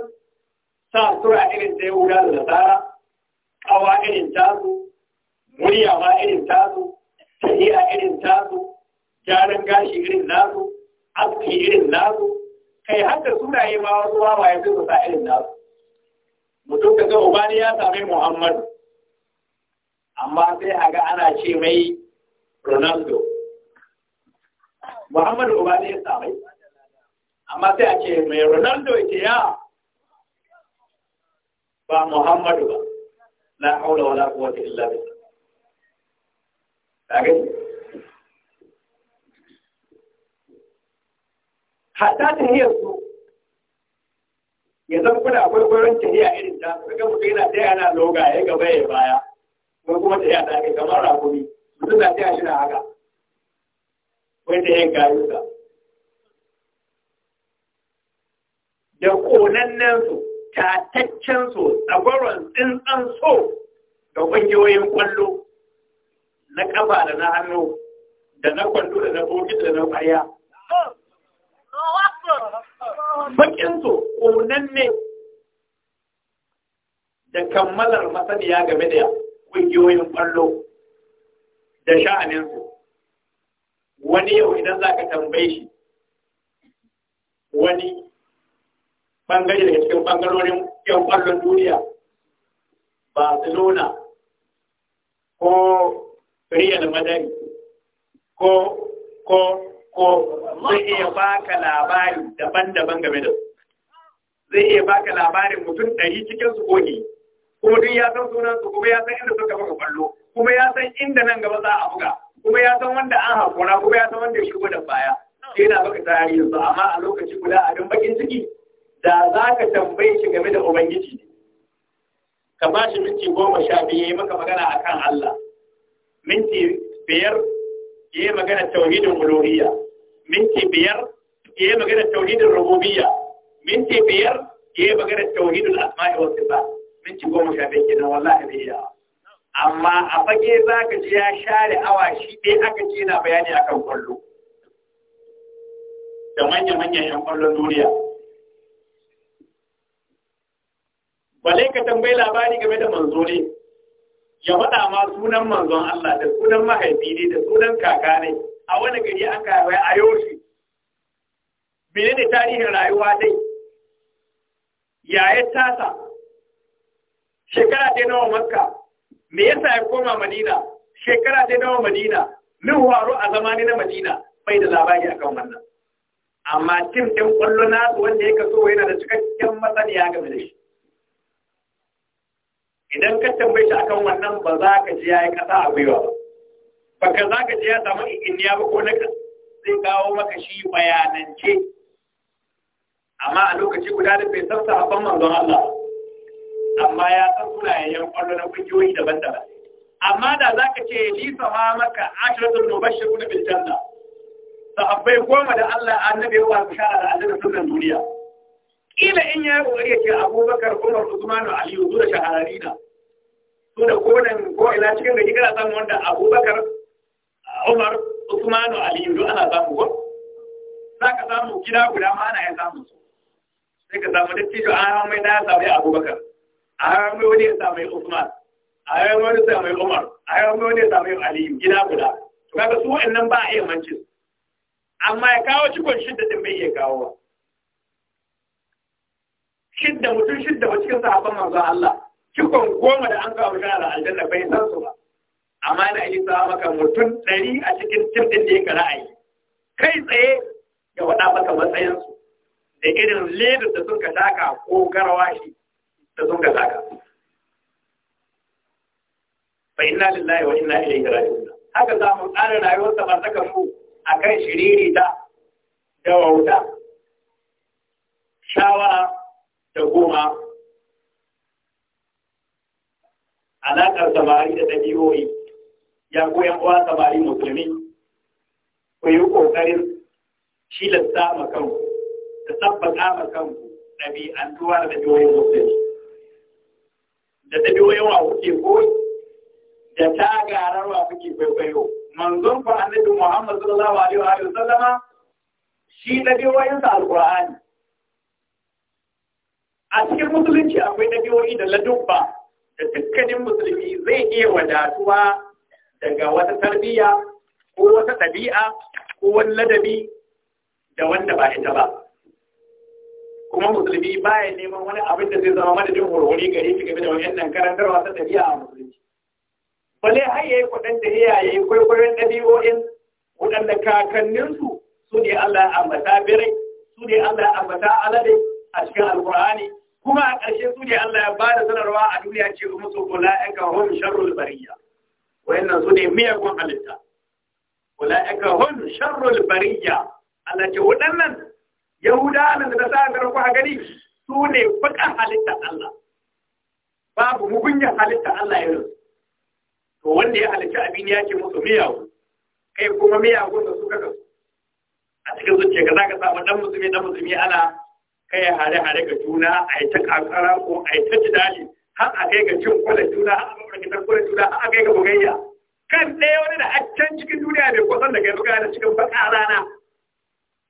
sa sura irin ta yahuda da nasara ƙawa irin tasu murya ma irin tasu a irin tasu gyaran gashi irin nasu aski irin nasu kai haka da sunaye ma wasu ba ya fi sa irin nasu mutum ka ga ubani ya same muhammadu amma sai a ga ana ce mai Ronaldo. Muhammadu ne ya samai, amma sai a ce mai Ronaldo ke ya ba Muhammadu ba, Na haula wa la quwwata illa billah. Kage? Hatta ta hiyar su ya kuna akwai ta hiyar irin ta, suka mutu yana ta yana loga ya gaba ya baya. wani kuma ta yada kai kamar rakumi mutum na tiya shi na haka wai da ta yin gayuka da konannen su tataccen su tsagwaron tsintsan so da ƙungiyoyin kwallo na ƙafa da na hannu da na kwando da na bokit da na ƙwarya bakinsu ƙonanne da kammalar masaniya game da yau ƙungiyoyin ƙwallo da sha'aninsu wani yau idan za ka tambaye shi wani ɓangare daga cikin ɓangarorin yau ƙwallon duniya barcelona ko real madrid ko ko ko zai iya baka labari daban-daban game da su zai iya baka labarin mutum ɗari cikin su ko ne ko duk ya san sunan su kuma ya san inda suka buga ballo kuma ya san inda nan gaba za a buga kuma ya san wanda an hakura kuma ya san wanda ya shigo da baya yana baka tarihi yanzu amma a lokaci guda a dan bakin ciki da za ka tambaye shi game da ubangiji ka ba shi minti goma sha biyu ya yi maka magana a kan Allah minti biyar ya yi magana tauhidin uluhiyya minti biyar ya yi magana tauhidin rububiyya minti biyar ya yi magana tauhidin asma'i wa sifat minti goma sha biyar kenan wallahi bai yawa amma a fage za ka ji ya share awa shi ɗaya aka ce yana bayani akan kwallo da manya-manyan 'yan kwallon duniya balai ka tambayi labari game da manzo ne ya faɗa ma sunan manzon Allah da sunan mahaifi ne da sunan kaka ne a wani gari an kawai a yoshi menene tarihin rayuwa dai Yaya tasa shekara ta nawa makka me yasa ya koma madina shekara ta nawa madina min waro a zamani na madina bai da labari akan wannan amma tim din kwallo nasu wanda ya kaso yana da cikakken masaniya game da shi idan ka tambaye shi akan wannan ba za ka ji ya kasa a gwiwa ba baka za ka ji ya samu inniya ba ko na zai kawo maka shi bayanance amma a lokaci guda da bai a ban manzon Allah amma ya san sunayen kwallo na kungiyoyi daban-daban amma da za ka ce ni saha maka ashiratul mubashirun bil janna sahabbai goma da Allah annabi wa bishara da aljanna sunan duniya Ƙila in ya ƙoƙari ya ce Abubakar Umar Usman Ali zu da shahararina su da kodan ko ina cikin da kika samu wanda Abubakar Umar Usman Ali zu ana samu ko ka samu gida guda ma ana ya samu sai ka samu dattijo an mai da sabai Abubakar a yi wani ya sami Aliyu gida guda to kaga su wa'annan ba a iya manci amma ya kawo cikon shidda din bai iya kawo ba shidda mutum shidda ba cikin sahabban manzo Allah cikon goma da an kawo bishara da aljanna bai san su ba amma na yi sa maka mutum dari a cikin cikin da yake ra'ayi kai tsaye ya waɗa maka matsayinsu da irin ledar da sun ka taka ko garwashi da sun ga zaka fa inna lillahi wa inna ilaihi raji'un haka za mu tsara rayuwar ta ba saka su akan shiriri ta da wauta shawara da goma alaƙar samari da ɗabi'o'i ya goyon uwa samari musulmi ku yi ƙoƙarin shilasta ma kanku da tabbata ma kanku ɗabi'antuwa da ɗabi'o'in musulmi da ɗabi'o'in wa kuke koyi da ta gararwa kuke kwaikwayo manzon ku annabi Muhammad sallallahu alaihi wa sallama shi ɗabi'o'in sa alqur'ani a cikin musulunci akwai ɗabi'o'i da ladubba da dukkanin musulmi zai iya wadatuwa daga wata tarbiyya ko wata ɗabi'a ko wani ladabi da wanda ba ita ba kuma musulmi baya neman wani abin da zai zama madadin hurhuri gare shi game da wannan karantarwa ta tafiya a musulmi. bale har yayi kudin da iyaye kwaikwayon ɗabi'o'in waɗanda kakanninsu su ne Allah ambata birai su ne Allah ya ambata alade a cikin alkur'ani kuma a ƙarshe su ne Allah ya ba da sanarwa a duniya ce ga musu kula aka hun sharrul bariya wayannan su ne miyagun halitta kula aka hun sharrul bariya Allah ce waɗannan yahuda nan da sa da ku gani su ne bakan halittar Allah babu mugunyar halittar Allah ya to wanda ya halitta abin ya ce musu ku. kai kuma miyawu da su kaka a cikin zuciya ka zaka samu dan musulmi dan musulmi ana kai hare hare ga juna a yi ta kakara ko a yi ta jidali har a kai ga cin kwala juna har a ga kwala juna har a kai ga bugayya kan ɗaya wani da a can cikin duniya ne kusan da kai buga da cikin baka rana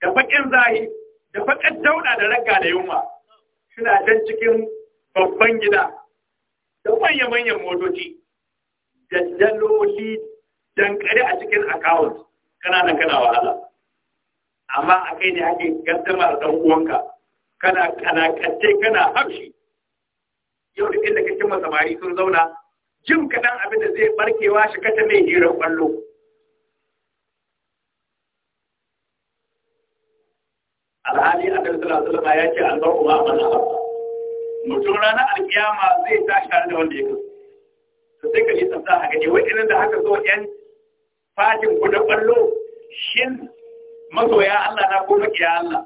da bakin zahi da faƙar dauna da ragga da yunwa suna can cikin babban gida da manya-manyan motoci da daloli dankare a cikin account kana da kana wahala amma a kai ne ake gantamar da uwanka kana kanakace kana hafshi yau da inda kake masamari sun zauna jin kaɗan abin da zai barkewa shi kata mai hirar ƙwallo. wasallam ya ce albarku ba a mutum ranar alkiyama zai tashi tare da wanda ya kasu to sai ka yi tsasa a gani irin da haka zo yan fatin ku na ɓallo. shin masoya Allah na ko makiya Allah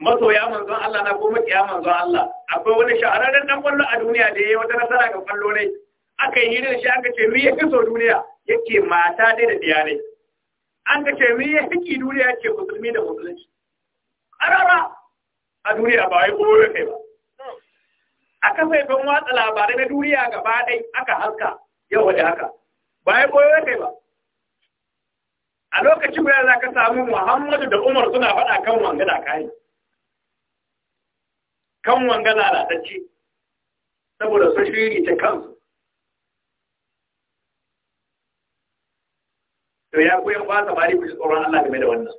masoya manzon Allah na ko makiya manzon Allah akwai wani shahararren dan ɓallo a duniya da ya yi wata nasara ga ɓallo ne aka yi hirar shi aka ce me ya kaso duniya yake mata dai da ne an ka ce me ya haƙi duniya ke musulmi da musulunci arara a duniya ba wai koyo kai ba a kafafen watsa labarai na duniya gaba ɗai aka haska yau wani haka ba wai koyo kai ba a lokacin guda za ka samu muhammadu da umar suna faɗa kan wangana kayi kan wangana lalatacce saboda sun shiri ta kansu to ya koyon ba bari ku ji tsoron Allah game da wannan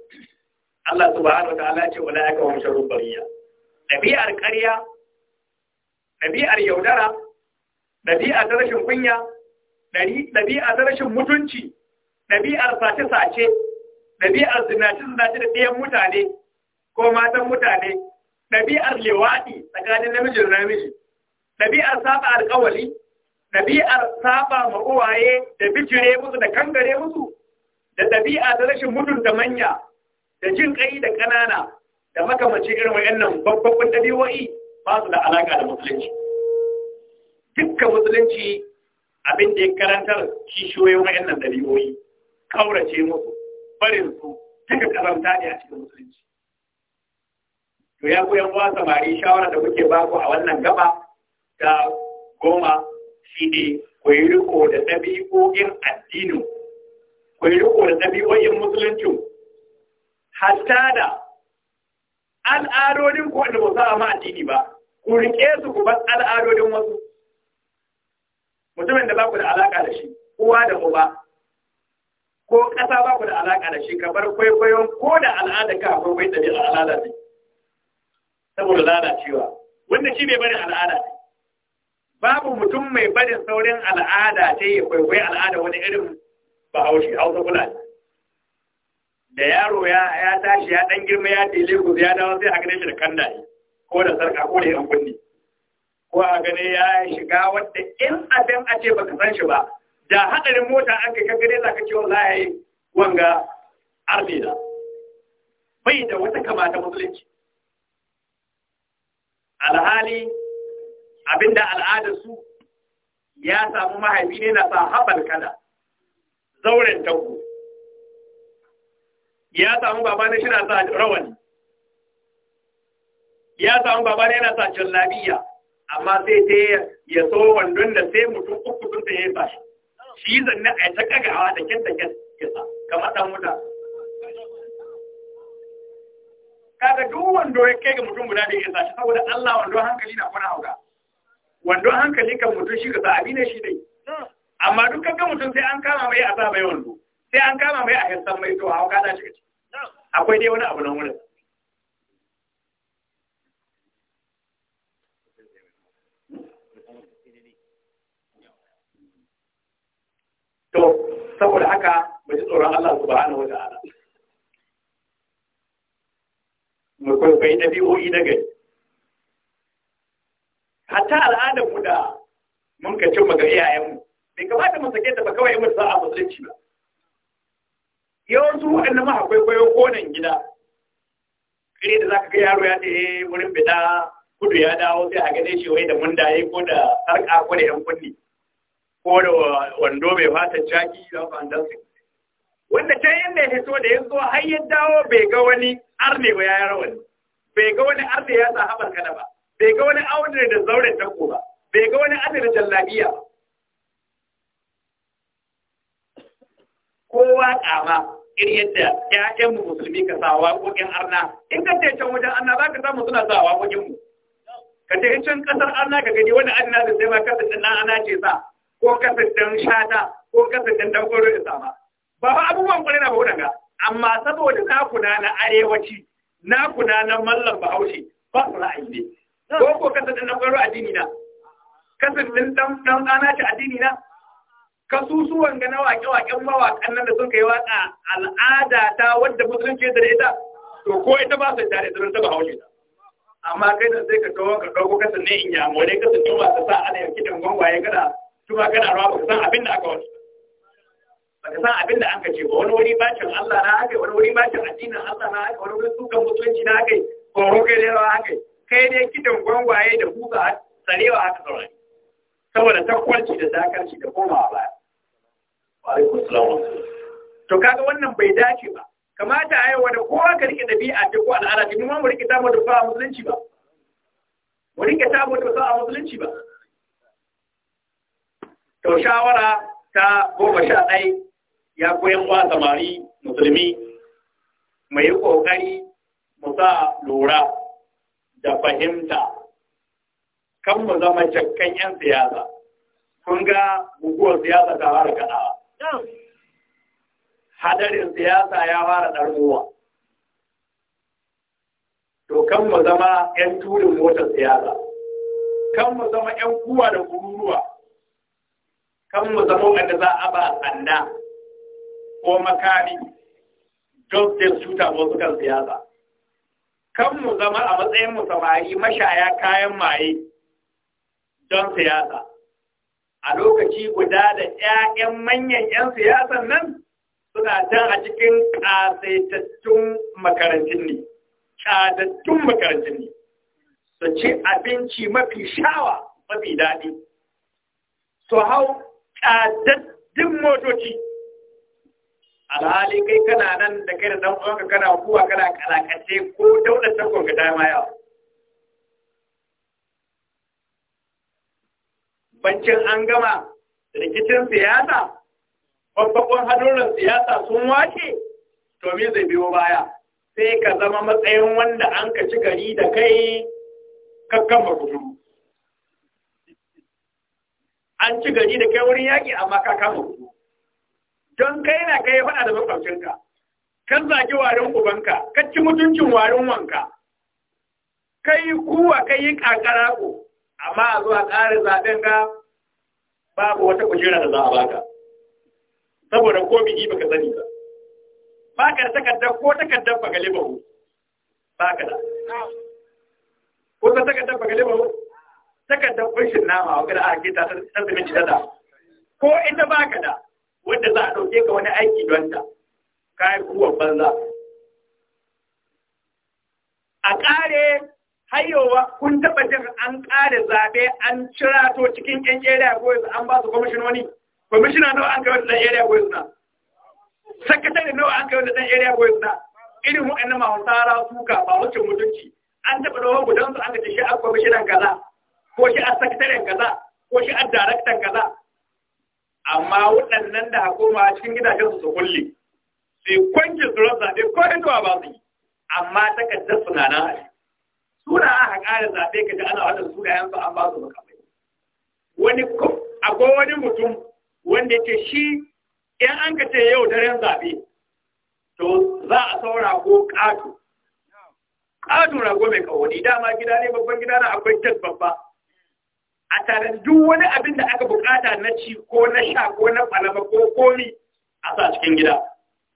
Allah subhanahu wataala ce wala aka wa sharru bariya dabi'ar ƙarya dabi'ar yaudara dabi'ar rashin kunya dabi'ar rashin mutunci dabi'ar sace-sace dabi'ar zinace-zinace da ɗayan mutane ko matan mutane dabi'ar lewaɗi tsakanin namiji da namiji dabi'ar saba alƙawali dabi'ar saba ma uwaye da bijire musu da kangare musu da dabi'a da rashin mutunta manya da jin ƙai da ƙanana da makamacin irin wayannan babban ɗabi'o'i ba su da alaƙa da musulunci dukkan musulunci abin da ya karantar kishiyoyin nan ɗabi'o'i kaurace musu barin su duka karanta ne a cikin musulunci to ya ku yan samari shawara da muke ba a wannan gaba Da goma shi ne ku yi riko da ɗabi'o'in addinin ku yi da ɗabi'o'in musulunci hatta da al'adodin ku wanda ba su ama addini ba ku riƙe su ku ba al'adodin wasu mutumin da ba ku da alaƙa da shi uwa da ba, ko ƙasa ba ku da alaƙa da shi kamar kwaikwayon ko da al'ada ka da biyar al'ada ne saboda lalacewa wanda shi bai barin al'ada ne babu mutum mai barin saurin al'ada ta ya kwaikwayi al'ada wani irin ba haushi, hausa kula ne. da yaro ya tashi ya dan girma ya dele ko ya dawo sai a gane shi da kandaye ko da sarka ko da irin kunni ko a gane ya shiga wanda in abin a ce baka san shi ba da hadarin mota an kai ka gane za ka ce wallahi yi wanga arbida bai da wata kamata musulunci alhali abinda al'adar su ya samu mahaifi ne na sa kada zauren tango ya samu baba ne shina sa rawani ya samu baba ne yana sa jallabiya amma sai ta ya so wandon da sai mutum uku sun ya yi sa shi shi zanne a ta kagawa da kyan da kyan sa kamar dan muta kaga duk wando ya kai ga mutum guda da ya sa shi saboda Allah wando hankali na kuna hauka wando hankali kan mutum shi ga sa abi ne shi dai amma duk kaga mutum sai an kama mai a sa bai wando sai an kama mai a gassan mai to hauka na shiga ciki akwai dai wani abu na wurin to saboda haka mu ji tsoron Allah subhanahu wa ta'ala mu kwaikwayi ɗabi'o'i na gari hatta al'adar mu da mun ka cin mu ga iyayenmu bai kamata mu sake ta ba kawai sa a musulunci ba Yawancin yawanci na maha kwaikwayo konan gida kare da ka ga yaro ya je eh, wurin fita kudu ya dawo sai a gane shi wai da mundaye ko da sarƙa ko da yan kunni ko da wando mai fatan caki da su wanda ta yadda ya fito da ya zo har ya dawo bai ga wani arne ba ya yara wani bai ga wani arne ya sa haɓar kada ba bai ga wani audire da zauren tako ba bai ga wani arne da jallabiya ba kowa ƙama irin yadda ƴaƴan mu musulmi ka sa waƙoƙin arna in ka ce can wajen arna za ka samu suna sa waƙoƙin mu ka ce can ƙasar arna ka gani wani arna da sai ma kasa ɗan ana ce sa ko kasa ɗan shata ko kasa ɗan ɗan gwaro da sama ba fa abubuwan kwarai na ba ga. amma saboda nakuna na arewaci nakuna na mallam bahaushe ba su ra'ayi ne ko ko kasa ɗan ɗan gwaro addini na kasa ɗan ɗan ɗan ana ce addini na kasusuwan ga na waƙe-waƙen mawaƙan nan da suka yi waƙa al'ada ta wadda musulunci da ita to ko ita ba su tare da ta ba haushe ta amma kai da sai ka kawo ka kawo kasa ne in ya more kasa tuba ta sa ana yanki ɗan gwangwaye gada tuba kana rawa baka san abin da aka wani baka san abin da an ka ce ba wani wuri bacin Allah na haka wani wuri bacin addinin Allah na haka wani wuri sukan musulunci na haka ko kai dai rawa haka kai dai kidan gwangwaye da buga sarewa haka saurari saboda takwarci da zakarci da komawa baya To kaga wannan bai dace ba. Kamata a yawa da kowa ka rike ɗabi'a ce ko al'ada ce, mu rike ta mutu ba musulunci ba. Mu rike ta mutu ba a musulunci ba. To shawara ta goma sha ɗai ya koyan wa samari musulmi mai ƙoƙari mu sa lura da fahimta kan mu zama jakkan 'yan siyasa. Kun ga guguwar siyasa ta har kaɗawa. hadarin siyasa ya fara ɗarmowa. To kan mu zama 'yan turin motar siyasa, kan mu zama 'yan kuwa da kururuwa, kan mu zama wanda za a ba sanda ko makami don su cuta wasu kan siyasa. Kan mu zama a matsayin mu samari mashaya kayan maye don siyasa. a lokaci guda da 'ya'yan manyan 'yan siyasan nan suna can a cikin ƙasaitattun makarantun ne, ƙadattun makarantun ne, su ci abinci mafi shawa mafi daɗi, su hau ƙadaddun motoci. Alhali kai kana nan da kai da ɗan kana kuwa kana kalakace ko daular takon ga dama yawa. bancin an gama rikicin siyasa babbakon hadurin siyasa sun wace to me zai biyo baya sai ka zama matsayin wanda an ka ci gari da kai kakkafa gudu an ci gari da kai wurin yaƙi amma ka kama gudu don kai na kai faɗa da makwabcinka kan zagi warin ubanka kan ci mutuncin warin wanka kai kuwa kai yi ƙaƙara ku. amma a zuwa tsarin zaɓen ga babu wata kujera da za a baka saboda ko biki baka sani ba ba ka da takardar ko takardar ba gale ba ba ka da ko ta takardar ba gale ba takardar kunshin nama wa gada a ke ta tsamin ci da ko ita ba ka da wanda za a ɗauke ka wani aiki don ta kayan kuwan banza a ƙare hayowa kun taɓa jin an ƙara zaɓe an cira to cikin ƴan area boys an ba su wani? kwamishina nawa an kai wani ɗan area boys na sakatare nawa an kai wani ɗan area boys na irin waɗannan mahautsara suka ba wacce mutunci an taɓa rawar gudansu an gaji shi a kwamishinan kaza ko shi a sakataren kaza ko shi a daraktan kaza amma waɗannan da hakoma cikin gidajen su kulle sai kwanke su rasa ko da ba su yi amma takardar suna na hari suna aka ƙara zaɓe ka ji ana wannan sunayen su an ba su makamai wani akwai wani mutum wanda yake shi in an ka ce yau daren zaɓe to za a saura ko ƙato ƙato rago mai kawani dama gida ne babban gida na akwai tas babba a tare duk wani abin da aka bukata na ci ko na sha ko na falama ko komi a sa cikin gida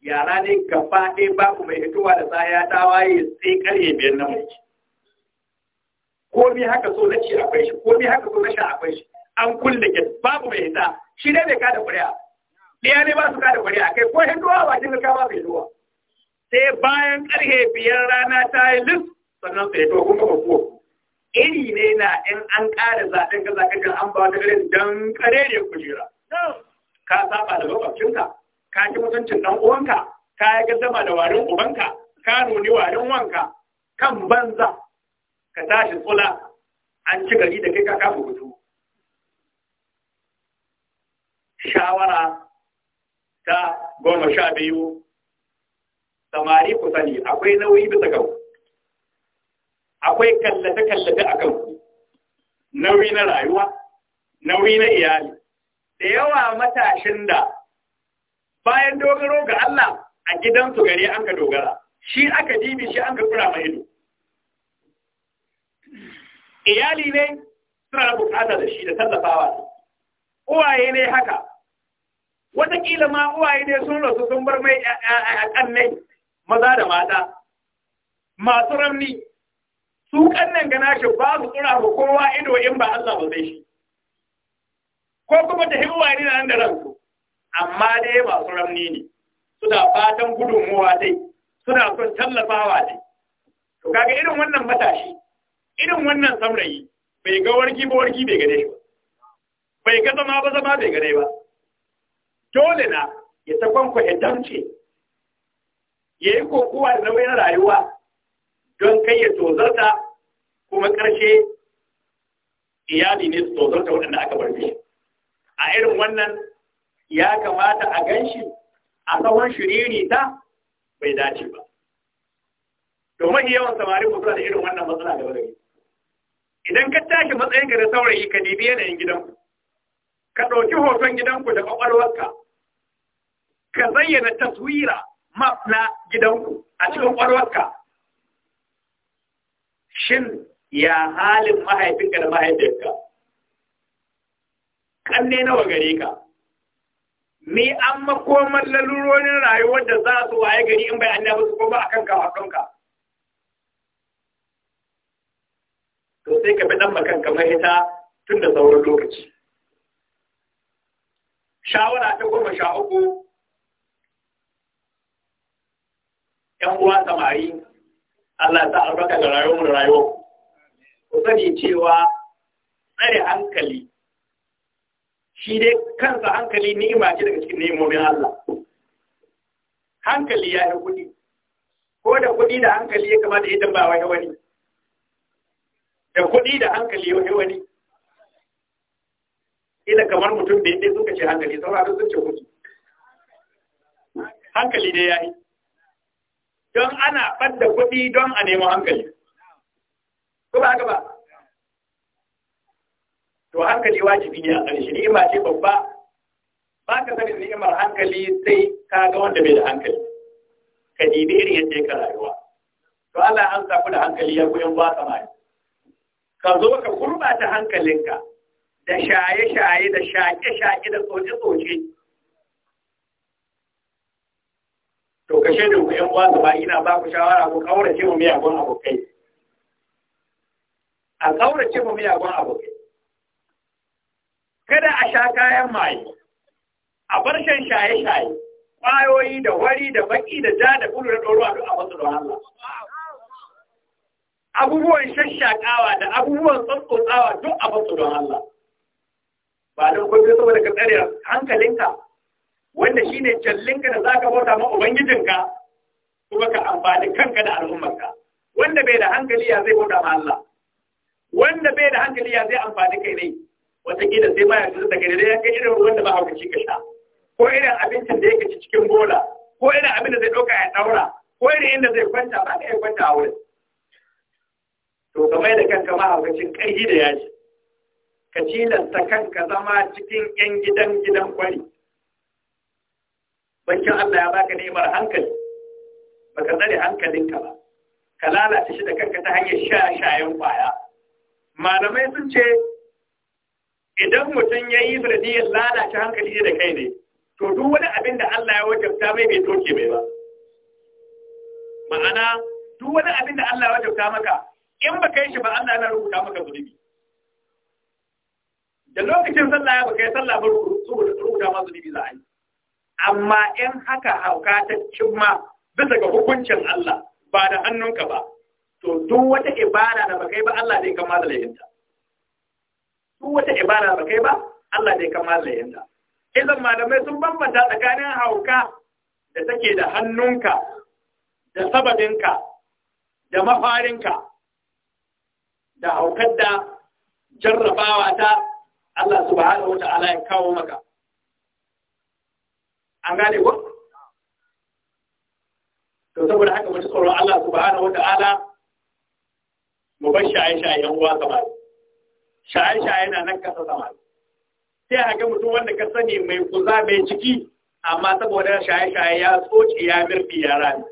yara ne gaba ɗaya babu mai hitowa da tsaya ta waye sai karye biyar na mulki komi haka so na ci akwai shi komi haka so na sha akwai shi an kulle ke babu mai hita shi ne bai kada ƙuri'a ɗaya ne ba su kada ƙuri'a kai ko hinduwa ba jin ka ba bai zuwa. sai bayan ƙarfe biyar rana ta yi lis sannan sai to kuma ba kuwa iri ne na in an ƙara zaɓen ka zaɓen ka an ba ta gare dan kare ne kujera ka saba da makwabcinka ka ki mutuncin ɗan uwanka ka yi gaddama da warin ubanka ka nuni warin wanka kan banza ka tashi tsula an ci gari da kai ka kafa hutu shawara ta goma sha biyu samari ku sani akwai nauyi bisa kanku akwai kallata-kallata a kanku nauyi na rayuwa nauyi na iyali da yawa matashin da bayan dogaro ga Allah a gidansu gari an ka dogara shi aka dibi shi an ka kura mai ido iyali ne suna da bukata da shi da tallafawa uwaye ne haka Watakila ma uwaye ne sun rasu sun bar mai a ne? maza da mata masu ramni su kannan gana shi ba su tsura ba kowa ido in ba Allah ba zai shi ko kuma ta uwaye ne nan da ransu amma dai masu ramni ne suna fatan gudunmuwa dai suna son tallafawa dai to kaga irin wannan matashi irin wannan saurayi bai ga warki ba warki bai gane ba bai ga zama ba zama bai gane ba dole na ya ta kwankwa ya damce ya yi kokowa da nauyin rayuwa don kai ya tozarta kuma ƙarshe iyali ne su tozarta waɗanda aka barbe a irin wannan ya kamata a ganshi a tsawon shiriri ta bai dace ba domin yawan samari mutuwa da irin wannan matsala da wadda idan ka tashi matsayin ka da saurayi ka dibi yanayin gidanku ka ɗauki hoton gidanku da ƙwaƙwalwarka ka zayyana taswira map na gidanku a cikin ƙwaƙwalwarka shin ya halin mahaifinka da mahaifinka ƙanne nawa gare ka me an makoman lalurorin rayuwar da za su waye gari in bai annabi su ko ba akan ka. sai ka fi damma kanka mahita tun da sauran lokaci shawara ta goma sha uku ‘yan uwa samari Allah ta albarka da rayuwar rayuwa. ku sani cewa tsare hankali shi dai kansa hankali ni'ima ce daga cikin nemomin Allah hankali ya yi kuɗi ko da kuɗi da hankali ya kamata ya tambawa ya wani da kuɗi da hankali yau wani ila kamar mutum da yadda suka ce hankali sauraron sun ce kuɗi hankali dai ya yi don ana ɓadda kuɗi don a nemo hankali ko ba haka ba to hankali wajibi ne a ƙarshe ni'ima ce babba ba ka sani ni'imar hankali sai ka ga wanda bai da hankali ka dibi irin yadda ya rayuwa to Allah an sa ku da hankali ya goyon ba samari ka zo ka gurɓata hankalinka da shaye-shaye da shaƙe-shaƙe da tsoce-tsoce to ka shaida ku ‘yan uwa ba ina ba ku shawara ku ƙaurace mu miyagun abokai a ƙaurace mu miyagun abokai kada a sha kayan maye a bar shan shaye-shaye ƙwayoyi da wari da baƙi, da ja da bulu da ɗoro a duk a wasu don Allah abubuwan shashakawa da abubuwan tsakkotsawa duk a basu don Allah ba don kwafi saboda ka tsare hankalinka wanda shine jallinka da za ka bauta ma ubangijinka kuma ka amfani kanka da al'ummarka wanda bai da hankali ya zai bauta ma Allah wanda bai da hankali ya zai amfani kai ne watakila sai ma ya tuzu daga dare ya kai irin wanda ba haukaci ka sha ko irin abincin da ya kaci cikin bola ko irin abin da zai ɗauka ya ɗaura ko irin inda zai kwanta ba ka iya kwanta a wurin to kamar da kanka mahaukacin ƙarfi da yaji ka cilanta kanka zama cikin 'yan gidan gidan kwari bankin Allah ya baka nemar hankali baka tsare hankalinka ba ka lalata shi da kanka ta hanyar shayen kwaya malamai sun ce idan mutum ya yi sanadiyar lalata hankali da kai ne to duk wani abin da Allah ya wajabta mai bai toke mai ba ma'ana duk wani abin da Allah ya wajabta maka in ba kai shi ba Allah yana rubuta maka zunubi da lokacin sallah ba kai sallah ba rubuta ma zunubi za a yi amma in haka hauka ta cimma bisa ga hukuncin Allah ba da hannunka ba to duk wata ibada da ba kai ba Allah zai kama da layinta duk wata ibada da ba kai ba Allah zai kama da layinta idan malamai sun bambanta tsakanin hauka da take da hannunka da sababinka da mafarinka da haukar da jarrabawa ta Allah subhanahu wa ta'ala ya kawo maka an gane ko to saboda haka mutu tsoron Allah subhanahu wa ta'ala mu bar shaye-shayen uwa kamar shaye-shaye na nan kasa sama sai a ga mutum wanda ka sani mai kuza mai ciki amma saboda shaye-shaye ya tsoce ya mirfi ya rami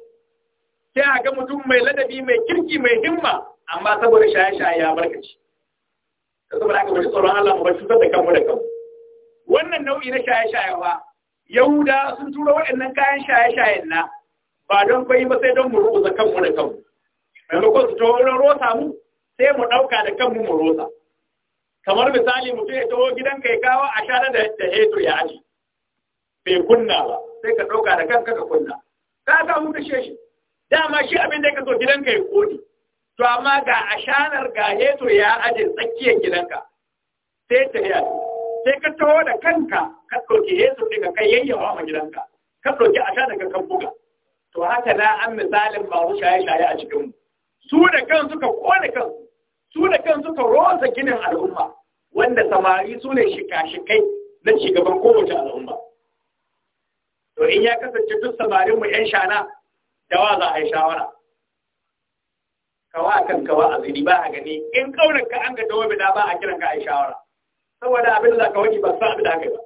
sai a ga mutum mai ladabi mai kirki mai himma amma saboda shaye-shaye ya barkaci saboda aka bari tsoron Allah mu bar cutar da kanmu da kanmu wannan nau'i na shaye-shaye ba yahuda sun tura waɗannan kayan shaye-shayen na ba don bai ba sai don mu rubuta kanmu da kanmu maimakon su taho wurin rosa mu sai mu ɗauka da kanmu mu rosa kamar misali mutum ya taho gidan kai kawo a shara da da heto ya aji bai kunna ba sai ka ɗauka da kanka ka kunna ka ga mu kashe shi dama shi abin da ka so gidanka ya kodi to amma ga ashanar ga heto ya aje tsakiyar gidanka sai ta yi sai ka taho da kanka ka ɗauki heto ɗin ka kai yayyawa ma gidanka ka ɗauki ashanar ka kan buga to haka na an misalin masu shaye-shaye a cikinmu su da kan suka kone kan su da kan suka rosa ginin al'umma wanda samari su ne shika-shikai na shugaban kowace al'umma to in ya kasance duk samarin mu 'yan shana da wa za a yi shawara kawa kan kawa a zini ba a gani in kaunar ka an ga dawo bida ba a kiran ka a shawara saboda abin da ka wani ba sa abin da aka yi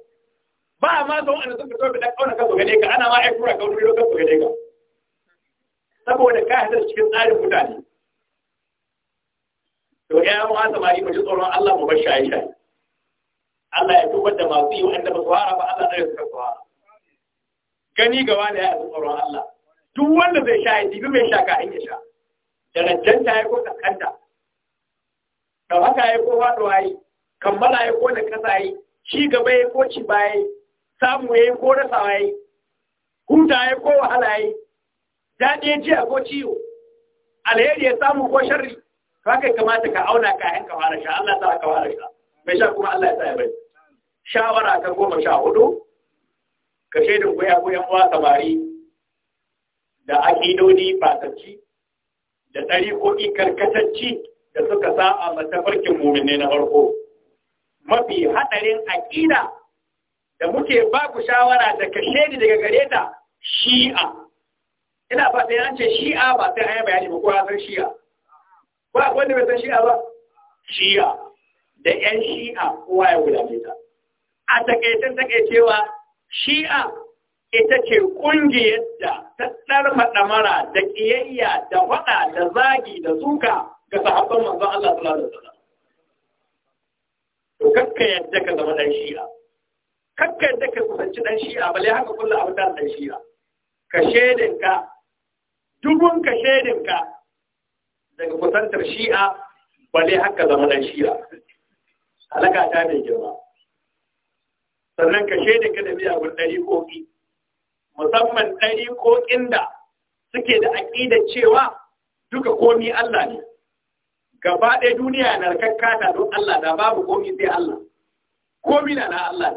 ba ma zo an suka dawo bida kaunar ka su gane ka ana ma ai tura kaunar ka su gane ka saboda ka hadar cikin tsarin mutane to ya mu asa ma mu ji tsoron Allah mu bar shaye shaye Allah ya tubar da masu yi wanda ba su fara ba Allah zai suka fara gani gaba wani ya tsoron Allah duk wanda zai shaye dibi mai shaka in ya sha da rajanta ya ko kankanta da haka ya ko waɗuwa yi kammala ya ko da kasa yi ci gaba ya ko ci baya samu ya yi ko rasawa yi huta ya ko wahala yi daɗi ya a ko ciwo alheri ya samu ko sharri to haka kamata ka auna ka yanka fara sha Allah ta ka fara sha mai sha kuma Allah ya sa ya bai shawara kan goma sha hudu ka shaidin goya goyon uwa samari da akidodi fasarci da ɗariƙoƙi karkatacci da suka sa'a matafarkin muminai na farko. Mafi haɗarin aƙida da muke babu shawara da kashe ni daga gare ta shi'a. Ina ba yana yance shi'a ba sai an yi bayani ba ko ya san shi'a. Ba wanda bai san shi'a ba? Shi'a da 'yan shi'a kowa ya gudanar ta. A takaitan takaicewa shi'a ita ce ƙungiyar da ta ɗarfa ɗamara da ƙiyayya da faɗa da zagi da zuka ga sahabban manzo Allah sallallahu alaihi wasallam to kakka yadda ka zama ɗan shi'a kakka yadda ka kusanci ɗan shi'a bale haka kullu abu wutar ɗan shi'a ka shedinka dubun ka shedinka daga kusantar shi'a bale haka zama ɗan shi'a halaka ta mai girma sannan ka shedinka da biya gurin ɗari kofi musamman ɗari ko inda suke da aƙidar cewa duka komi Allah ne gaba ɗaya duniya na rikakka da don Allah da babu komi sai Allah komi na na Allah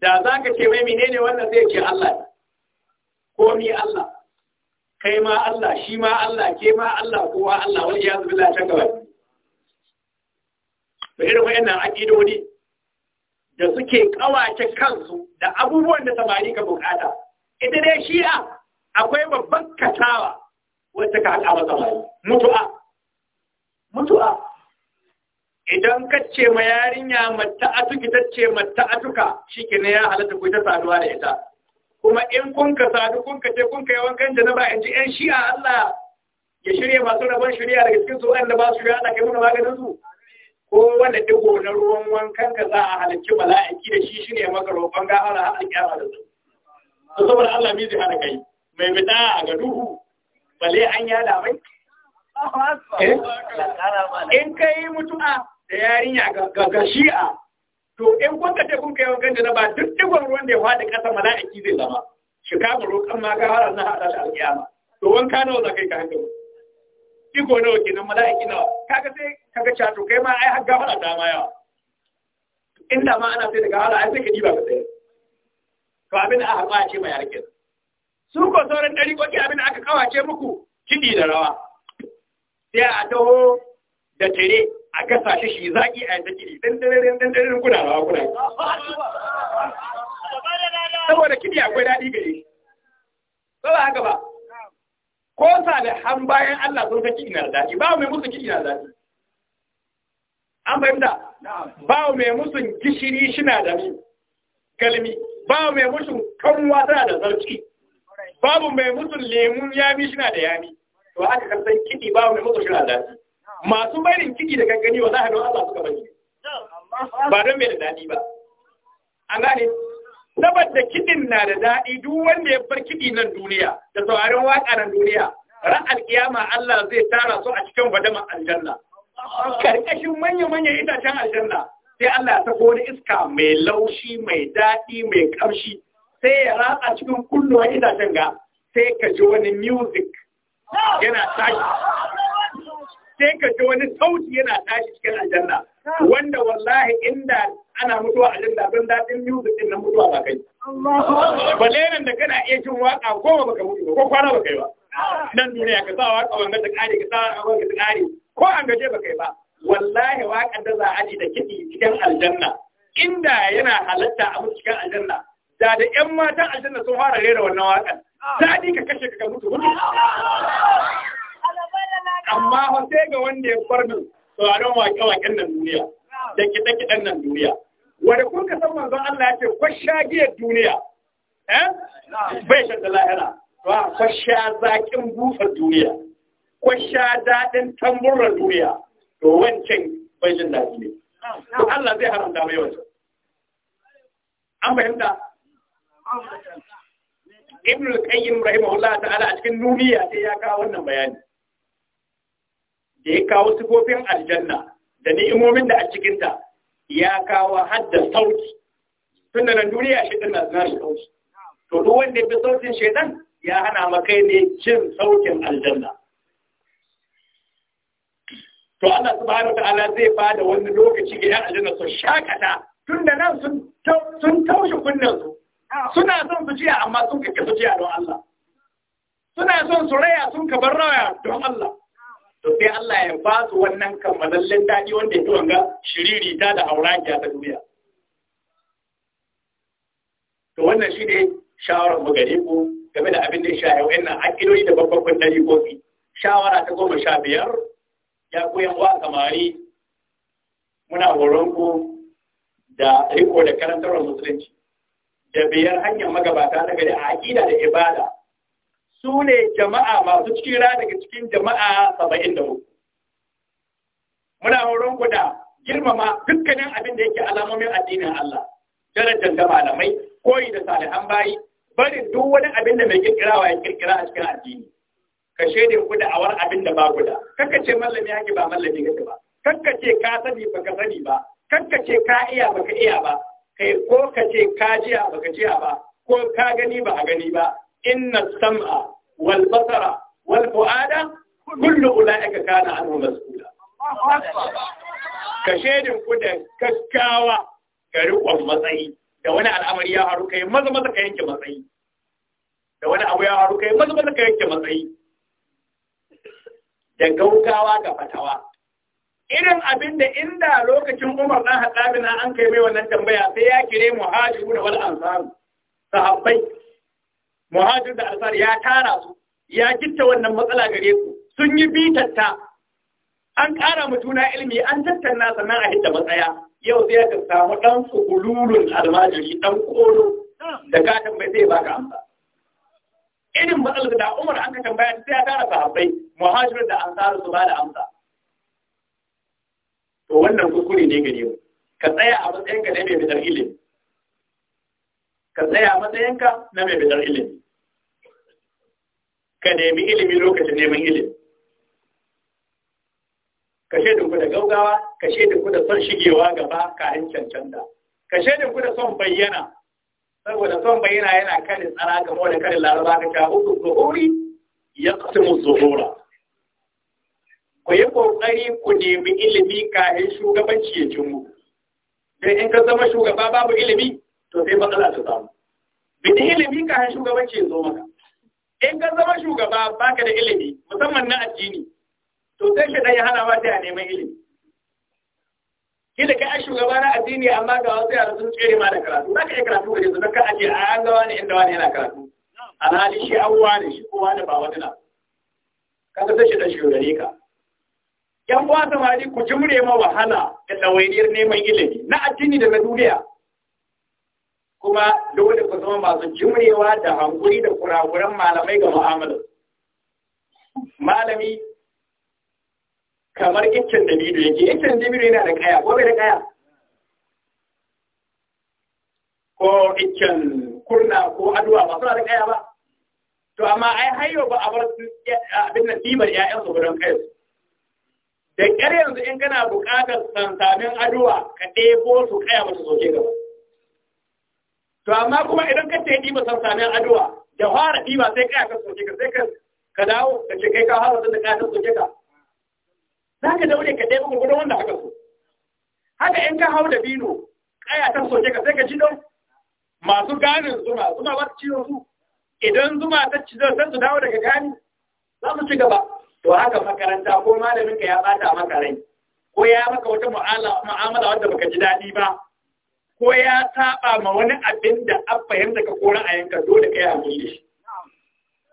da za ka ce mai menene wannan zai ce Allah ne komi Allah kai ma Allah shi ma Allah ke ma Allah kowa Allah wani ya zubi lafiya gaba da irin wayannan aƙidodi da suke kawace kansu da abubuwan da samari ka bukata ita dai shi'a akwai babban katawa wacce ka haɗa masa mai mutu'a mutu'a idan ka ce ma yarinya matta tuki ta ce matta Shi ke na ya halatta ku ta saduwa da ita kuma in kun ka sadu kun ka ce kun ka yi wankan ba in ji yan shi'a Allah ya shirya masu rabon shirya daga cikin su wanda ba su shirya da kai mana maganin su ko wanda digo na ruwan wankan ka za a halarci mala'iki da shi shine maka roƙon gafara har alƙiyama da su to saboda Allah mi zai hana kai mai bida ga duhu bale an yada mai eh? in kai mutu'a da yarinya ga shi'a to in kun ka kun kai wankan da ba duk digon ruwan da ya faɗi ƙasa mala'iki zai zama shi ka roƙon ma gafara na haɗa da alƙiyama to wanka nawa za kai ka hankali iko nawa kenan mala'iki nawa kaga sai kaga cato kai ma ai har gafara ta ma yawa inda ma ana sai daga hala ai sai ka diba ka sai to abin da aka ce mai harkin su ko sauran dari koki abin aka kawace muku Kiɗi da rawa sai a taho da tare a gasa shi shi zaki a yadda kidi dan dare dan dare kuna rawa kuna saboda kiɗi akwai daɗi gare shi Ba ba haka ba ko han bayan Allah sun saki ina daɗi ba mai musu ki ina daɗi an fahimta ba mai musu gishiri shina da ni kalmi ba mai musu kanwa tana da zarci babu mai musu lemun yami shina da yami to aka kan san ba babu mai musu shina da daɗi masu barin kidi da gangani wa za a don Allah suka bari ba don mai da daɗi ba an gane saboda kiɗin na da daɗi duk wanda ya bar kiɗi nan duniya da sauraron waƙa nan duniya ran alƙiyama Allah zai tara su a cikin badama aljanna karkashin manya-manyan itacen aljanna sai Allah ya sako wani iska mai laushi mai daɗi mai ƙamshi sai ya ratsa cikin kullum itacen ga sai ka ji wani music yana tashi sai ka ji wani sauti yana tashi cikin aljanna wanda wallahi inda ana mutuwa a aljanna don daɗin music din nan mutuwa ba kai balle nan da kana iya jin waka goma baka mutu ba ko kwana baka yi ba nan duniya ka sa waka wanga ta kare ka sa wanga ta kare ko an gaje baka yi ba wallahi waƙar da za a ji da kiɗi cikin aljanna inda yana halatta a mutu cikin aljanna da da ƴan matan aljanna sun fara rera wannan waƙar ta ka kashe ka mutu mutu amma fa sai ga wanda ya farnin tsoron wake-waken nan duniya da kiɗe-kiɗen nan duniya wanda kun ka san manzon Allah ya ce giyar duniya eh bai shan da lahira ba kwasha zaƙin busar duniya kwasha daɗin tamburar duniya to wancan bai jin daɗi ne to Allah zai haramta mai wancan an fahimta Ibn al-Qayyim rahimahullah ta'ala a cikin duniya sai ya kawo wannan bayani da ya kawo sifofin aljanna da ni'imomin da a cikinta ya kawo hadda sauti tun da nan duniya shi na zina da sauti to duk wanda ya fi sautin shaitan ya hana maka ne cin sautin aljanna to Allah subhanahu ta'ala zai ba da wani lokaci ga 'yan aljanna su shakata tun da nan sun taushe kunnensu suna son su jiya amma sun kake su jiya don Allah suna son su raya sun kabar raya don Allah to sai Allah ya ba su wannan kammalallen daɗi wanda ya wanga shiriri ta da auragiya ta duniya to wannan shi ne shawarar mu gare game da abin da ya shaye wa'annan akidoyi da babban dari kofi shawara ta goma sha biyar ya koyan wa kamari muna horon ku da riko da karantarwar musulunci da biyar hanyar magabata na gari a aƙida da ibada su ne jama'a masu cira daga cikin jama'a saba'in da uku. Muna horon guda girmama dukkanin abin da yake alamomin addinin Allah, darajar da malamai, koyi da salihan bayi, Bari duk wani abin da mai kirkirawa ya kirkira a cikin addini. Ka shaidin ku da awar abin da ba guda. da, ce mallami yake ba mallami kake ba, kakka ce ka sani ba ka sani ba, kakka ce ka iya ba ka iya ba, kai ko ka ce ka jiya ba ka jiya ba, ko ka gani ba a gani ba, inna sam'a والبصر والفؤاد كل fuada كان عنه مسؤولا anhu mas'ula ka ku da kakkawa ka riƙon matsayi da wani al'amari ya haru kai maza maza ka yanke matsayi da wani abu ya maza maza ka da ga fatawa irin abin da inda lokacin Umar dan Hattabi na an kai mai wannan tambaya sai ya kire muhajiru da wal ansar sahabbai muhajir da ansar ya tara su ya gitta wannan matsala gare su sun yi bitatta an ƙara mutuna ilimi an tattauna sannan a hidda matsaya yau sai ka samu ɗan almajir almajiri ɗan koro da ka bai zai baka amsa irin matsalar da umar an ka tambaya sai ya tara sahabbai muhajir da ansar su ba da amsa to wannan kuskure ne gare mu ka tsaya a matsayinka na mai bidar ilimi ka tsaya a matsayinka na mai bidar ilimi ka nemi ilimi lokacin neman ilimi ka shaidin ku da gaugawa ka shaidin ku da son shigewa gaba kayan cancanta ka shaidin ku da son bayyana saboda son bayyana yana kanin tsara kamar da kanin laraba ka ta hudu zuhuri ya kasimu zuhura ku yi ƙoƙari ku nemi ilimi kayan shugabanci ya cin mu don in ka zama shugaba babu ilimi to sai matsala ta samu bi ilimi kayan shugabanci ya zo maka in ka zama shugaba baka da ilimi musamman na addini to sai ka dai hana ma ya neman ilimi kila ka a shugaba na addini amma ga wasu yara sun tsere ma da karatu za ka iya karatu gare yanzu ka ake a an gawa ne inda wani yana karatu alhali shi an ne shi kowa da ba wani na kaga sai shi da shugare ka yan uwa samari ku jimre ma wahala da ɗawainiyar neman ilimi na addini da na duniya kuma dole ku zama masu jimrewa da hankuri da kurakuran malamai ga mu'amalar malami kamar iccen da bido yake iccen da bido yana da kaya ko bai da kaya ko iccen kurna ko aduwa ba suna da kaya ba to amma ai hayo ba a bar abin nan kimar ƴaƴansu ba don kai da ƙyar yanzu in kana buƙatar sansanin aduwa ka ɗebo su kaya ba su soke gaba to amma kuma idan ka tafi san sanin addua da fara ɗiba sai kai ka soke ka sai ka dawo ka ce kai ka fara da ka soke ka za ka daure ka ɗaya gurgurun wanda aka so haka in ka hau da bino kaya ta soke ka sai ka ji don masu ganin zuma zuma ba su ciwon su idan zuma ta ci don sai su dawo daga gani za su ci gaba to haka makaranta ko malamin ka ya bata maka rai ko ya maka wata mu'amala wadda baka ji daɗi ba ko ya saba ma wani abin da an fahimta ka a yanka dole ka yi hankali shi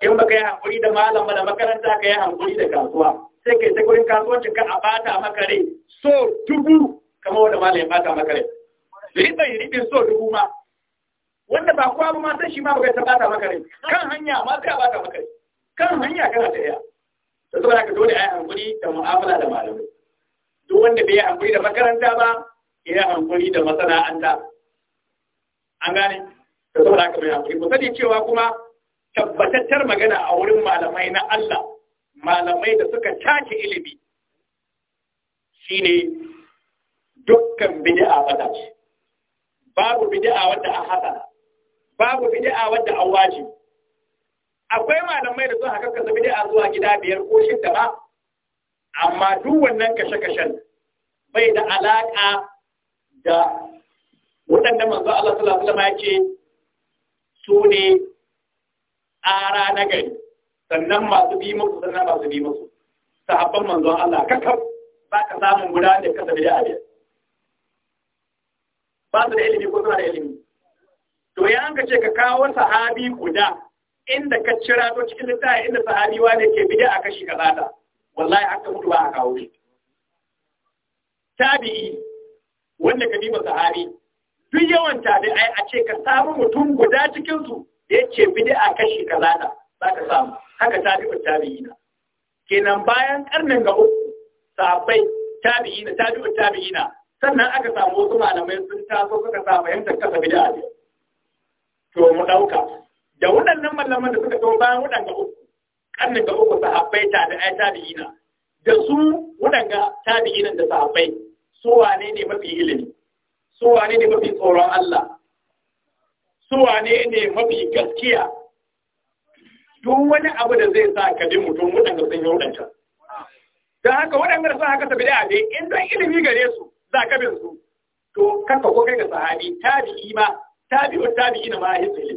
in baka yi hankali da malam da makaranta ka yi hankali da kasuwa sai ka yi gurin kasuwancin ka a bata makare so dubu kamar wanda malam ya bata makare. rai riɓin riɓin so dubu ma wanda ba kowa ba ma san shi ma bai ta bata makare, kan hanya ma sai a bata makare. kan hanya kana ta iya da saboda ka dole a yi hankali da mu'amala da malamai duk wanda bai yi hankali da makaranta ba ya hankali da masana'anta an gane da saboda haka mai hankali ku sani cewa kuma tabbatattar magana a wurin malamai na Allah malamai da suka tace ilimi shine dukkan bid'a bata ce babu bid'a wadda a hasana babu bid'a wadda a waje. akwai malamai da sun haka kasa bid'a zuwa gida biyar ko shidda ba amma duk wannan kashe-kashen bai da alaƙa da waɗanda manzo Allah sallallahu alaihi wasallam yake su ne ara na gari sannan masu bi musu sannan masu bi musu sahabban manzo Allah kakaf ba ka samun guda da kasa da abin ba su da ilimi ko suna da ilimi to ya an ce ka kawo sahabi guda inda ka cira to cikin littafi inda sahabi wanda ke a kashi kaza ta wallahi haka mutu ba a kawo shi tabi'i wanda ka diba sahabi duk yawan tabi'ai a ce ka samu mutum guda cikin su da ya ce a kashi kaza ta za ka samu haka tabi'u na kenan bayan karnin ga uku sahabbai tabi'ina tabi'u na sannan aka samu wasu malamai sun taso suka sa fahimtar kasa bid'a ne to mu dauka da waɗannan malaman da suka zo bayan waɗanda uku karnin ga uku sahabbai tabi'ai na da su waɗanda tabi'ina da sahabbai su wane ne mafi ilimi su wane ne mafi tsoron Allah su wane ne mafi gaskiya duk wani abu da zai sa ka bi mutum waɗanda sun yi waɗanda don haka waɗanda da sun haka tafi da abe in don ilimi gare su za ka bin su to kaka ko kai ga sahabi tabi'i ma tabi'u tabi'i na ma ya tsile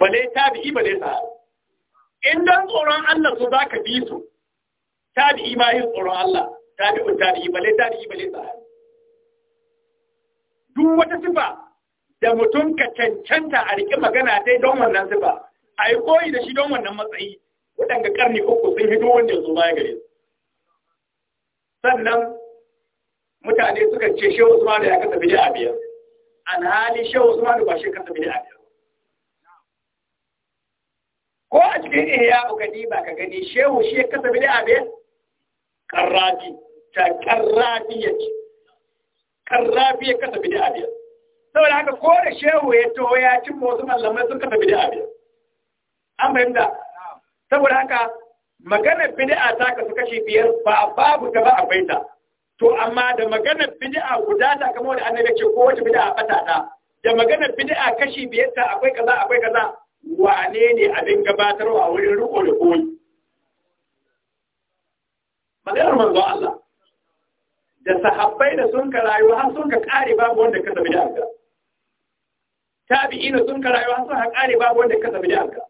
bale tabi'i bale sahabi in don tsoron Allah su za ka bi su tabi'i ma yin tsoron Allah tabi'un tabi'i balle tabi'i balle sahabi duk wata sifa da mutum ka cancanta a riƙe magana dai don wannan sifa a yi koyi da shi don wannan matsayi waɗanda ƙarni uku sun hito wanda yanzu baya gare su sannan mutane suka ce shehu usmanu ya kasa bidi a biyar alhali shehu usmanu ba shi kasa bidi a biyar ko a cikin ihya ukadi ba ka gani shehu shi ya kasa bidi a biyar karrati ta karrabiya ce kasa kasa bid'a biyar saboda haka ko da shehu ya taho ya cin wasu mallamai sun kasa bid'a biyar an fahimta saboda haka maganar bid'a ta kasu kashi biyar ba babu ta ba a ta to amma da maganar bid'a guda ta kamar da annabi ce ko wata bid'a bata ta da maganar bid'a kashi biyar ta akwai kaza akwai kaza wane ne abin gabatarwa a wurin riko da koyi maganar manzo Allah da sahabbai da sun ka rayuwa har sun ka kare babu wanda ka sami da aka. tabi'ina sun ka rayuwa har sun ka kare babu wanda ka sami da aka.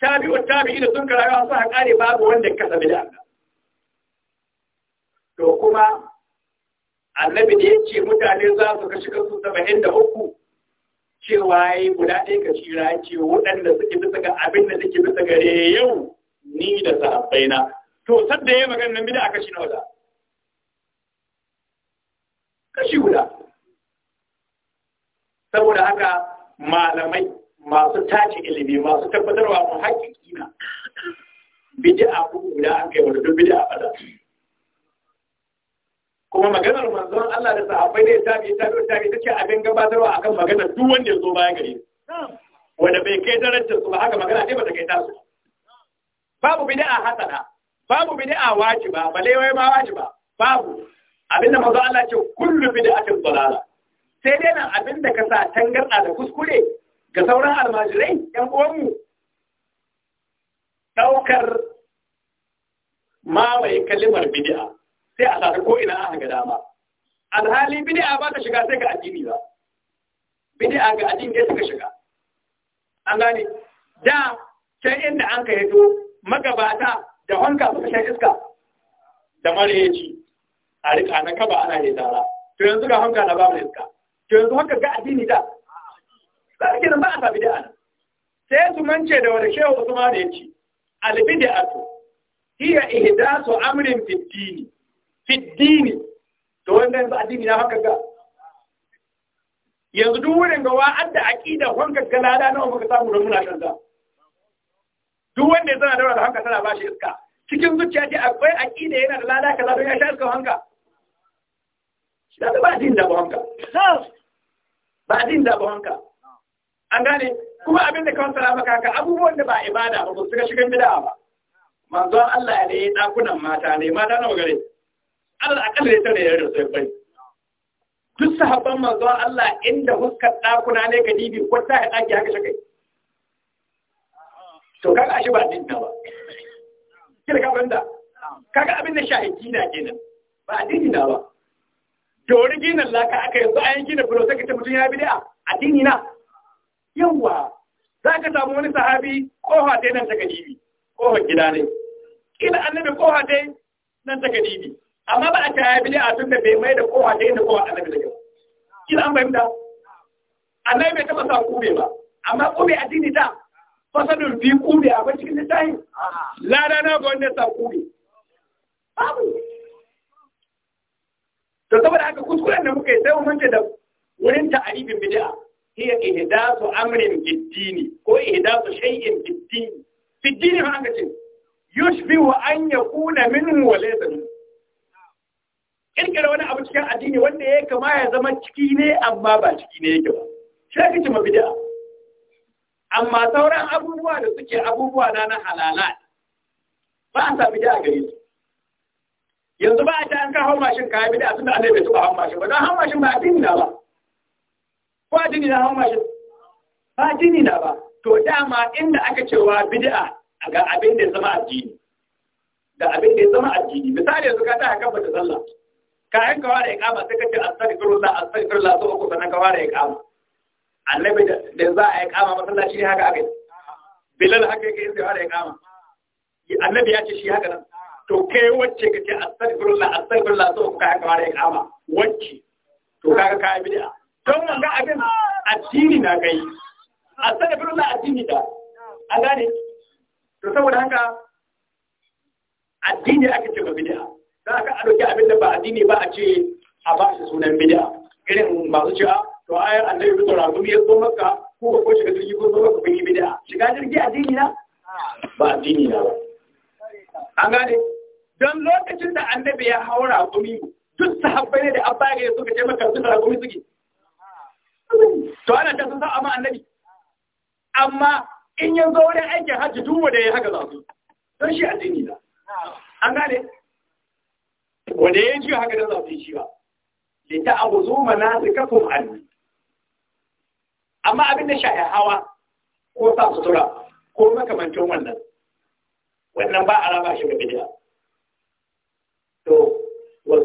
tabi'u tabi'ina sun ka rayuwa har sun ka kare babu wanda ka sami da aka. to kuma annabi da yace mutane za su kashi kasu 73 cewa yi guda ɗaya ka shira ce waɗanda suke bisa ga abin da suke bisa gare yau ni da sahabbaina to sadda magana nan bid'a shi na da kashi guda saboda haka malamai masu tace ilimi masu tabbatarwa mu haƙiƙi na bid'a ko guda an kai wata bid'a fada kuma maganar manzon Allah da sahabbai ne ta bi ta bi ta bi take abin gabatarwa akan maganar duk wanda ya zo baya gare wanda bai kai darajar su ba haka magana ne ba ta kai tasu babu bid'a hasana babu bid'a wajiba balewai ma wajiba babu abinda maza Allah ce kullu bid'atin dalala sai dai nan abinda ka sa tangarda da kuskure ga sauran almajirai yan uwanmu daukar mamaye kalimar bid'a sai a sata ko ina aka ga dama alhali bid'a ba ta shiga sai ga addini ba bid'a ga addini ne suka shiga an gane da sai inda an ka yato magabata da wanka suka shan iska da mareci a rika na kaba ana ne tara to yanzu ga hanka na babu iska to yanzu haka ga addini da sarki nan ba a sabi da ana sai su mance da wani shehu usman ya ce albid'atu hiya ihdasu amrin fid dini fid dini to wanda yanzu addini na haka ga yanzu duk wurin gawa adda aqida wanka galada nawa muka samu da muna kanza duk wanda ya zana da hanka tana ba shi iska cikin zuciya ce akwai aqida yana da lada kaza don ya sha iska hanka da ba jin da wanka ba jin da wanka an gane kuma abin da kawai sara maka ka abubuwan da ba ibada ba su ga shigan bid'a ba manzon Allah ya ya dakunan mata ne mata nawa gare Allah akalla ya tare da sai bai duk sahabban manzon Allah inda huskar dakuna ne ga dibi ko ta ya daki haka shakai to kaga shi ba din ba kira ka banda kaga abin da shahidi na kenan ba addini na ba to wani ginin laka aka yanzu a yanki da filo sai mutum ya bid'a addini na yawa za ka samu wani sahabi kofa dai nan ta bi, kofar gida ne kila annabi kofa dai nan ta bi. amma ba a ta ya bid'a tun da bai mai da kofa dai da kofa annabi da kai kila an fahimta annabi bai taba sa kube ba amma kube addini da fasadun fi kube a cikin littafin lada na ga wanda sa kube babu to saboda haka kuskuren da muka yi sai mun da wurin ta'aribin bid'a hiya ihdasu amrin bid-dini ko ihdasu shay'in bid-dini bid-dini ma aka ce wa an yakuna minhu wa laysa minhu kirkira wani abu cikin addini wanda ya kama ya zama ciki ne amma ba ciki ne yake ba shi ake cewa bid'a amma sauran abubuwa da suke abubuwa na na halala ba a sa da gare su yanzu ba a ta an ka hau mashin ka bi da tunda Allah su ba hau mashin ba don hau mashin ba addini na ba ko addini na hau mashin ba addini na ba to dama inda aka cewa bid'a ga abin da ya zama addini da abin da ya zama addini misali yanzu ka ta kafa da sallah kayan ka ware iqama sai ka ce astaghfirullah astaghfirullah so ko sanan ka ware kama. annabi da za a kama masallaci ne haka aka yi bilal haka yake sai ware kama? annabi ya ce shi haka nan to kai wacce ka ce astagfirullah astagfirullah so ka haka mara kama wacce to kaga ka bid'a don ga abin addini na kai astagfirullah addini da an gane to saboda haka addini ake ce ba bid'a dan aka a dauki abin da ba addini ba a ce a ba shi sunan bid'a irin masu cewa to ayar annabi bi tsara gumi ya zo makka ko ko shiga jirgi ko zo maka kun bid'a shiga jirgi addini na ba addini na ba an gane don lokacin da annabi ya haura a duk su ne da an bayar da suka taimaka su da kumi suke to ana ta sun sa amma annabi amma in zo wurin aikin hajji duk wanda ya haka za su don shi addini da an gane wanda ya ji haka da za su yi shi ba lita abu zo mana su kafa hannu amma abin da ya hawa ko sa sutura ko makamancin wannan wannan ba a raba shi ga bidiyar.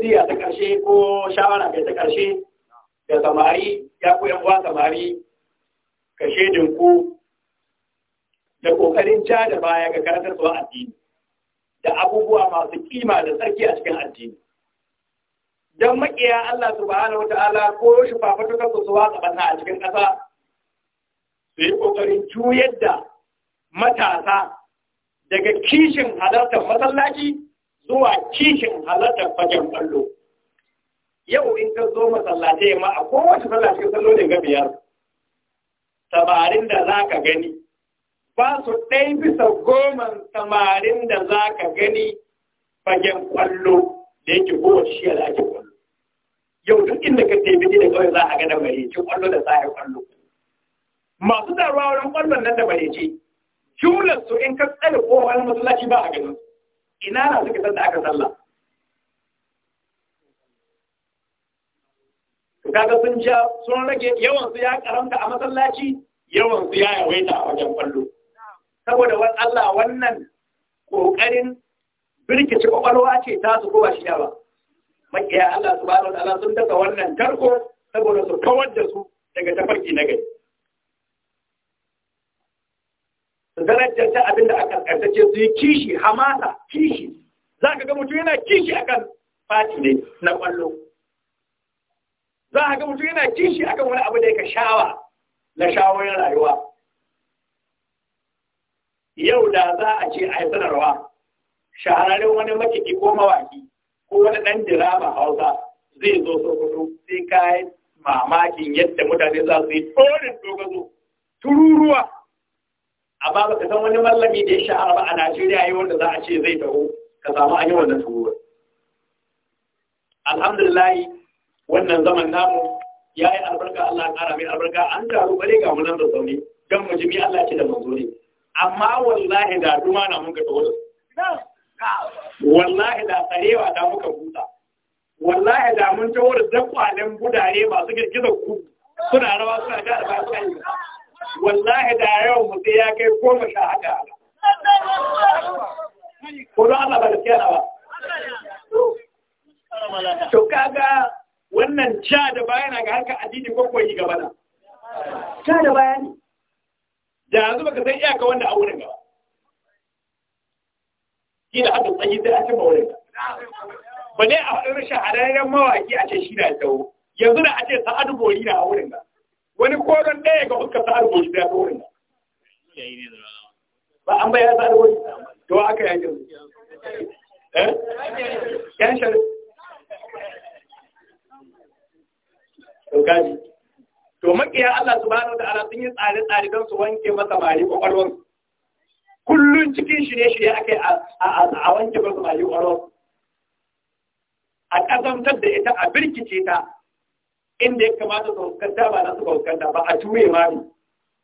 wasiya ta ƙarshe ko shawara mai ta ƙarshe da samari ya ku yan uwa samari ka shedin ku da ƙoƙarin ja da baya ga karantarwa addini da abubuwa masu kima da tsarki a cikin addini don makiya Allah subhanahu wata'ala ko shi fafatukar su suwa tsabata a cikin ƙasa su yi ƙoƙarin juyar da matasa daga kishin halartar masallaci zuwa kishin halartar fagen kallo yau in ka zo masallatai ma a kowace sallah cikin ne ga biyar Tabarin da za ka gani ba su ɗaya bisa goman tamarin da za ka gani fagen kwallo da yake kowace shi da ake kwallo yau duk inda ka tafi da kawai za a ga da mareci kwallo da sa'ar kwallo masu taruwa wurin ƙwallon nan da mareci jumlar su in ka tsare ko wani masallaci ba a ganin su. ina na suke da aka sallah to kaga sun ja sun rage yawan su ya karanta a masallaci yawan su ya yawaita a wajen kwallo saboda wani Allah wannan kokarin birkice ƙwaƙwalwa ce ta su ko ba shi ba makiya Allah subhanahu wa ta'ala sun daka wannan tarko saboda su kawar da su daga tafarki na gari darajanta abin da aka karkace su yi kishi hamasa kishi za ka ga mutum yana kishi akan fati ne na kwallo za ka ga mutum yana kishi akan wani abu da yake shawa na shawoyin rayuwa yau da za a ce a yi sanarwa shahararren wani makiki ko mawaki ko wani ɗan dirama hausa zai zo sokoto sai kayan mamakin yadda mutane za su yi ɗorin dogazo tururuwa amma babu ka san wani mallami da ya sha'ar ba a Najeriya yi wanda za a ce zai taho ka samu an yi wannan turuwar alhamdulillah wannan zaman namu ya yi albarka Allah kara mai albarka an taru bare ga munan da zaune don mu ji Allah ce da manzo ne amma wallahi da duma na mun ga tawo wallahi da tsarewa da muka buta wallahi da mun tawo da dakwalen budare masu girgizar ku suna rawa suna ga albarka wallahi da yau mutu ya kai goma sha haka Kodon Allah ba da ke ba to kaga wannan ja da bayan ga harka addini ko kwayi gaba na ja da bayan. da yanzu baka san iyaka wanda a wurin gaba kila haka tsayi sai a cimma wurin ba ne a faɗin rashin halayen mawaƙi a ce shi na tsawo yanzu da a ce sa'adu bori na a wurin ba wani koron ɗaya ga kuka sa arzikin shi ya ɗorin ba an bayar sa tsari wani to aka yi ajiyar eh yan shari to gaji to makiya Allah subhanahu wa ta'ala sun yi tsare-tsare don su wanke masa mari kwakwalwar kullun cikin shirye-shirye ake a wanke masa mari kwakwalwar a ƙazantar da ita a birkice ta inda ya kamata su huskanta ba na su huskanta ba a ture ma ne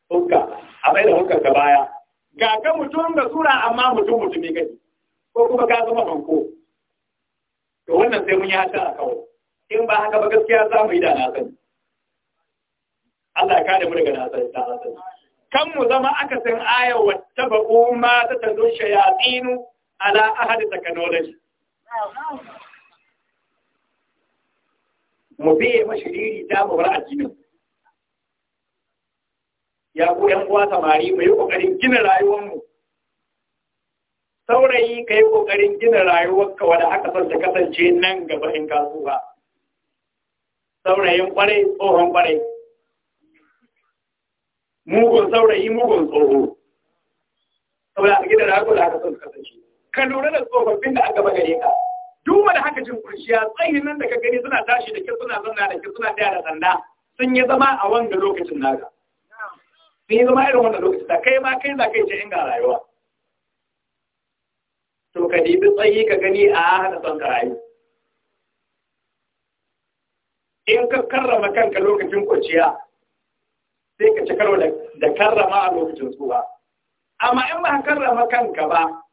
hukka a bai da hukkar ka baya ga ga mutum da sura amma mutum ya gani ko kuma ka zama hanko to wannan sai mun yi hata a kawo in ba haka ba gaskiya za mu yi da na sani Allah ya kare mu daga na sani ta sani kan mu zama aka san aya wata tabu ma ta tando shayatinu ala ahadi technology mu biye mashi riri ta mu bar addinin ya ku yan samari mu yi kokarin gina rayuwar mu saurayi ka yi kokarin gina rayuwarka wadda aka san ta kasance nan gaba in ka ba saurayin kwarai tsohon kwarai mugun saurayi mugun tsoho saboda a gina rayuwar da aka san ta kasance ka lura da tsofaffin da aka bagare ka duba da haka jin kunshiya tsayi nan da ka gani suna tashi da ke suna zanna da ke suna tsaya da sanda sun yi zama a wanda lokacin naga sun yi zama irin wanda lokacin da kai ma kai za kai ce inga rayuwa to ka dibi tsayi ka gani a hana son ka rayu in ka karrama kanka lokacin kunciya sai ka ci karo da karrama a lokacin tsuwa amma in ba ka karrama kanka ba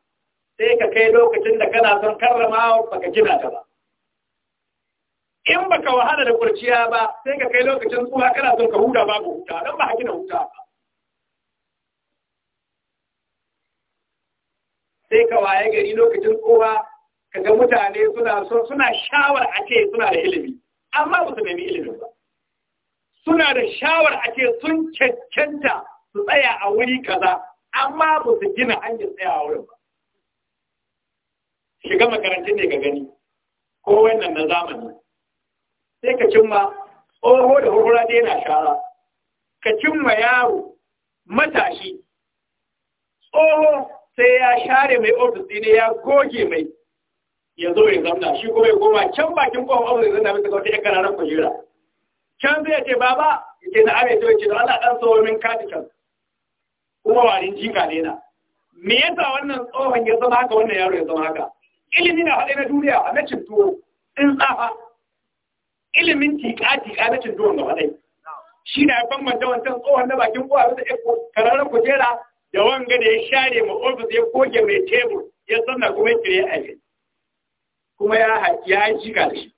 sai ka kai lokacin da kana son karrama baka gina ta ba in baka wahala da kurciya ba sai ka kai lokacin tsuwa kana son ka huta babu huta don ba gina huta ba sai ka waye gari lokacin tsuwa ka ga mutane suna so suna shawar a ke suna da ilimi amma ba su nemi ilimin ba suna da shawar a ke sun cancanta su tsaya a wuri kaza amma ba su gina hanyar tsaya ba shiga makarantun ne ka gani ko wannan na zamani sai ka cimma oho da hurhura da yana shara ka cimma yaro matashi tsoho sai ya share mai ofis ne ya goge mai ya zo ya zamna shi kuma ya goma can bakin kofar ofis ya zamna bisa kawai ya ranar kujera can zai ce baba ya ce na abin ya ce da Allah dan tsohon min katikan kuma warin jika ne na me yasa wannan tsohon ya zama haka wannan yaro ya zama haka ilimi na haɗe na duniya na cin tuwo in tsafa ilimin tiƙa-tiƙa na cin tuwon gaba shi na bambanta wancan tsohon na bakin kowa bisa eko kujera da wanga da ya share ma ofis ya goge mai tebur ya sanna kuma ya kire a kuma ya ya da shi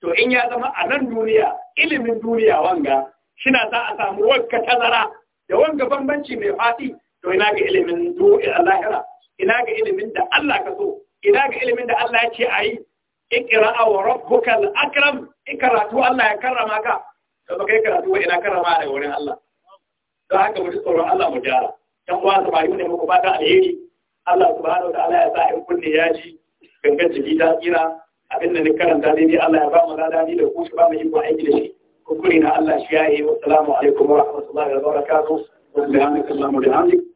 to in ya zama a nan duniya ilimin duniya wanga shi na za a samu wanka tazara da wanga bambanci mai fati to ina ga ilimin lahira ina ga ilimin da Allah ka so ina ga ilimin da Allah ya ce a yi ikra wa rabbuka al-akram in karatu Allah ya karrama ka da baka yi karatu ina karama da wurin Allah don haka mu tsoron Allah mu jara dan uwa su bayu ne muku fata alheri Allah subhanahu wa ta'ala ya sa in kunne ya ji gangan jiki ta tsira abin da ni karanta dai Allah ya ba mu ladani da ku shi ba mu yi aiki da shi kuskure na Allah shi ya yi wa salamu alaikum wa rahmatullahi wa barakatuh wa subhanaka allahumma wa bihamdika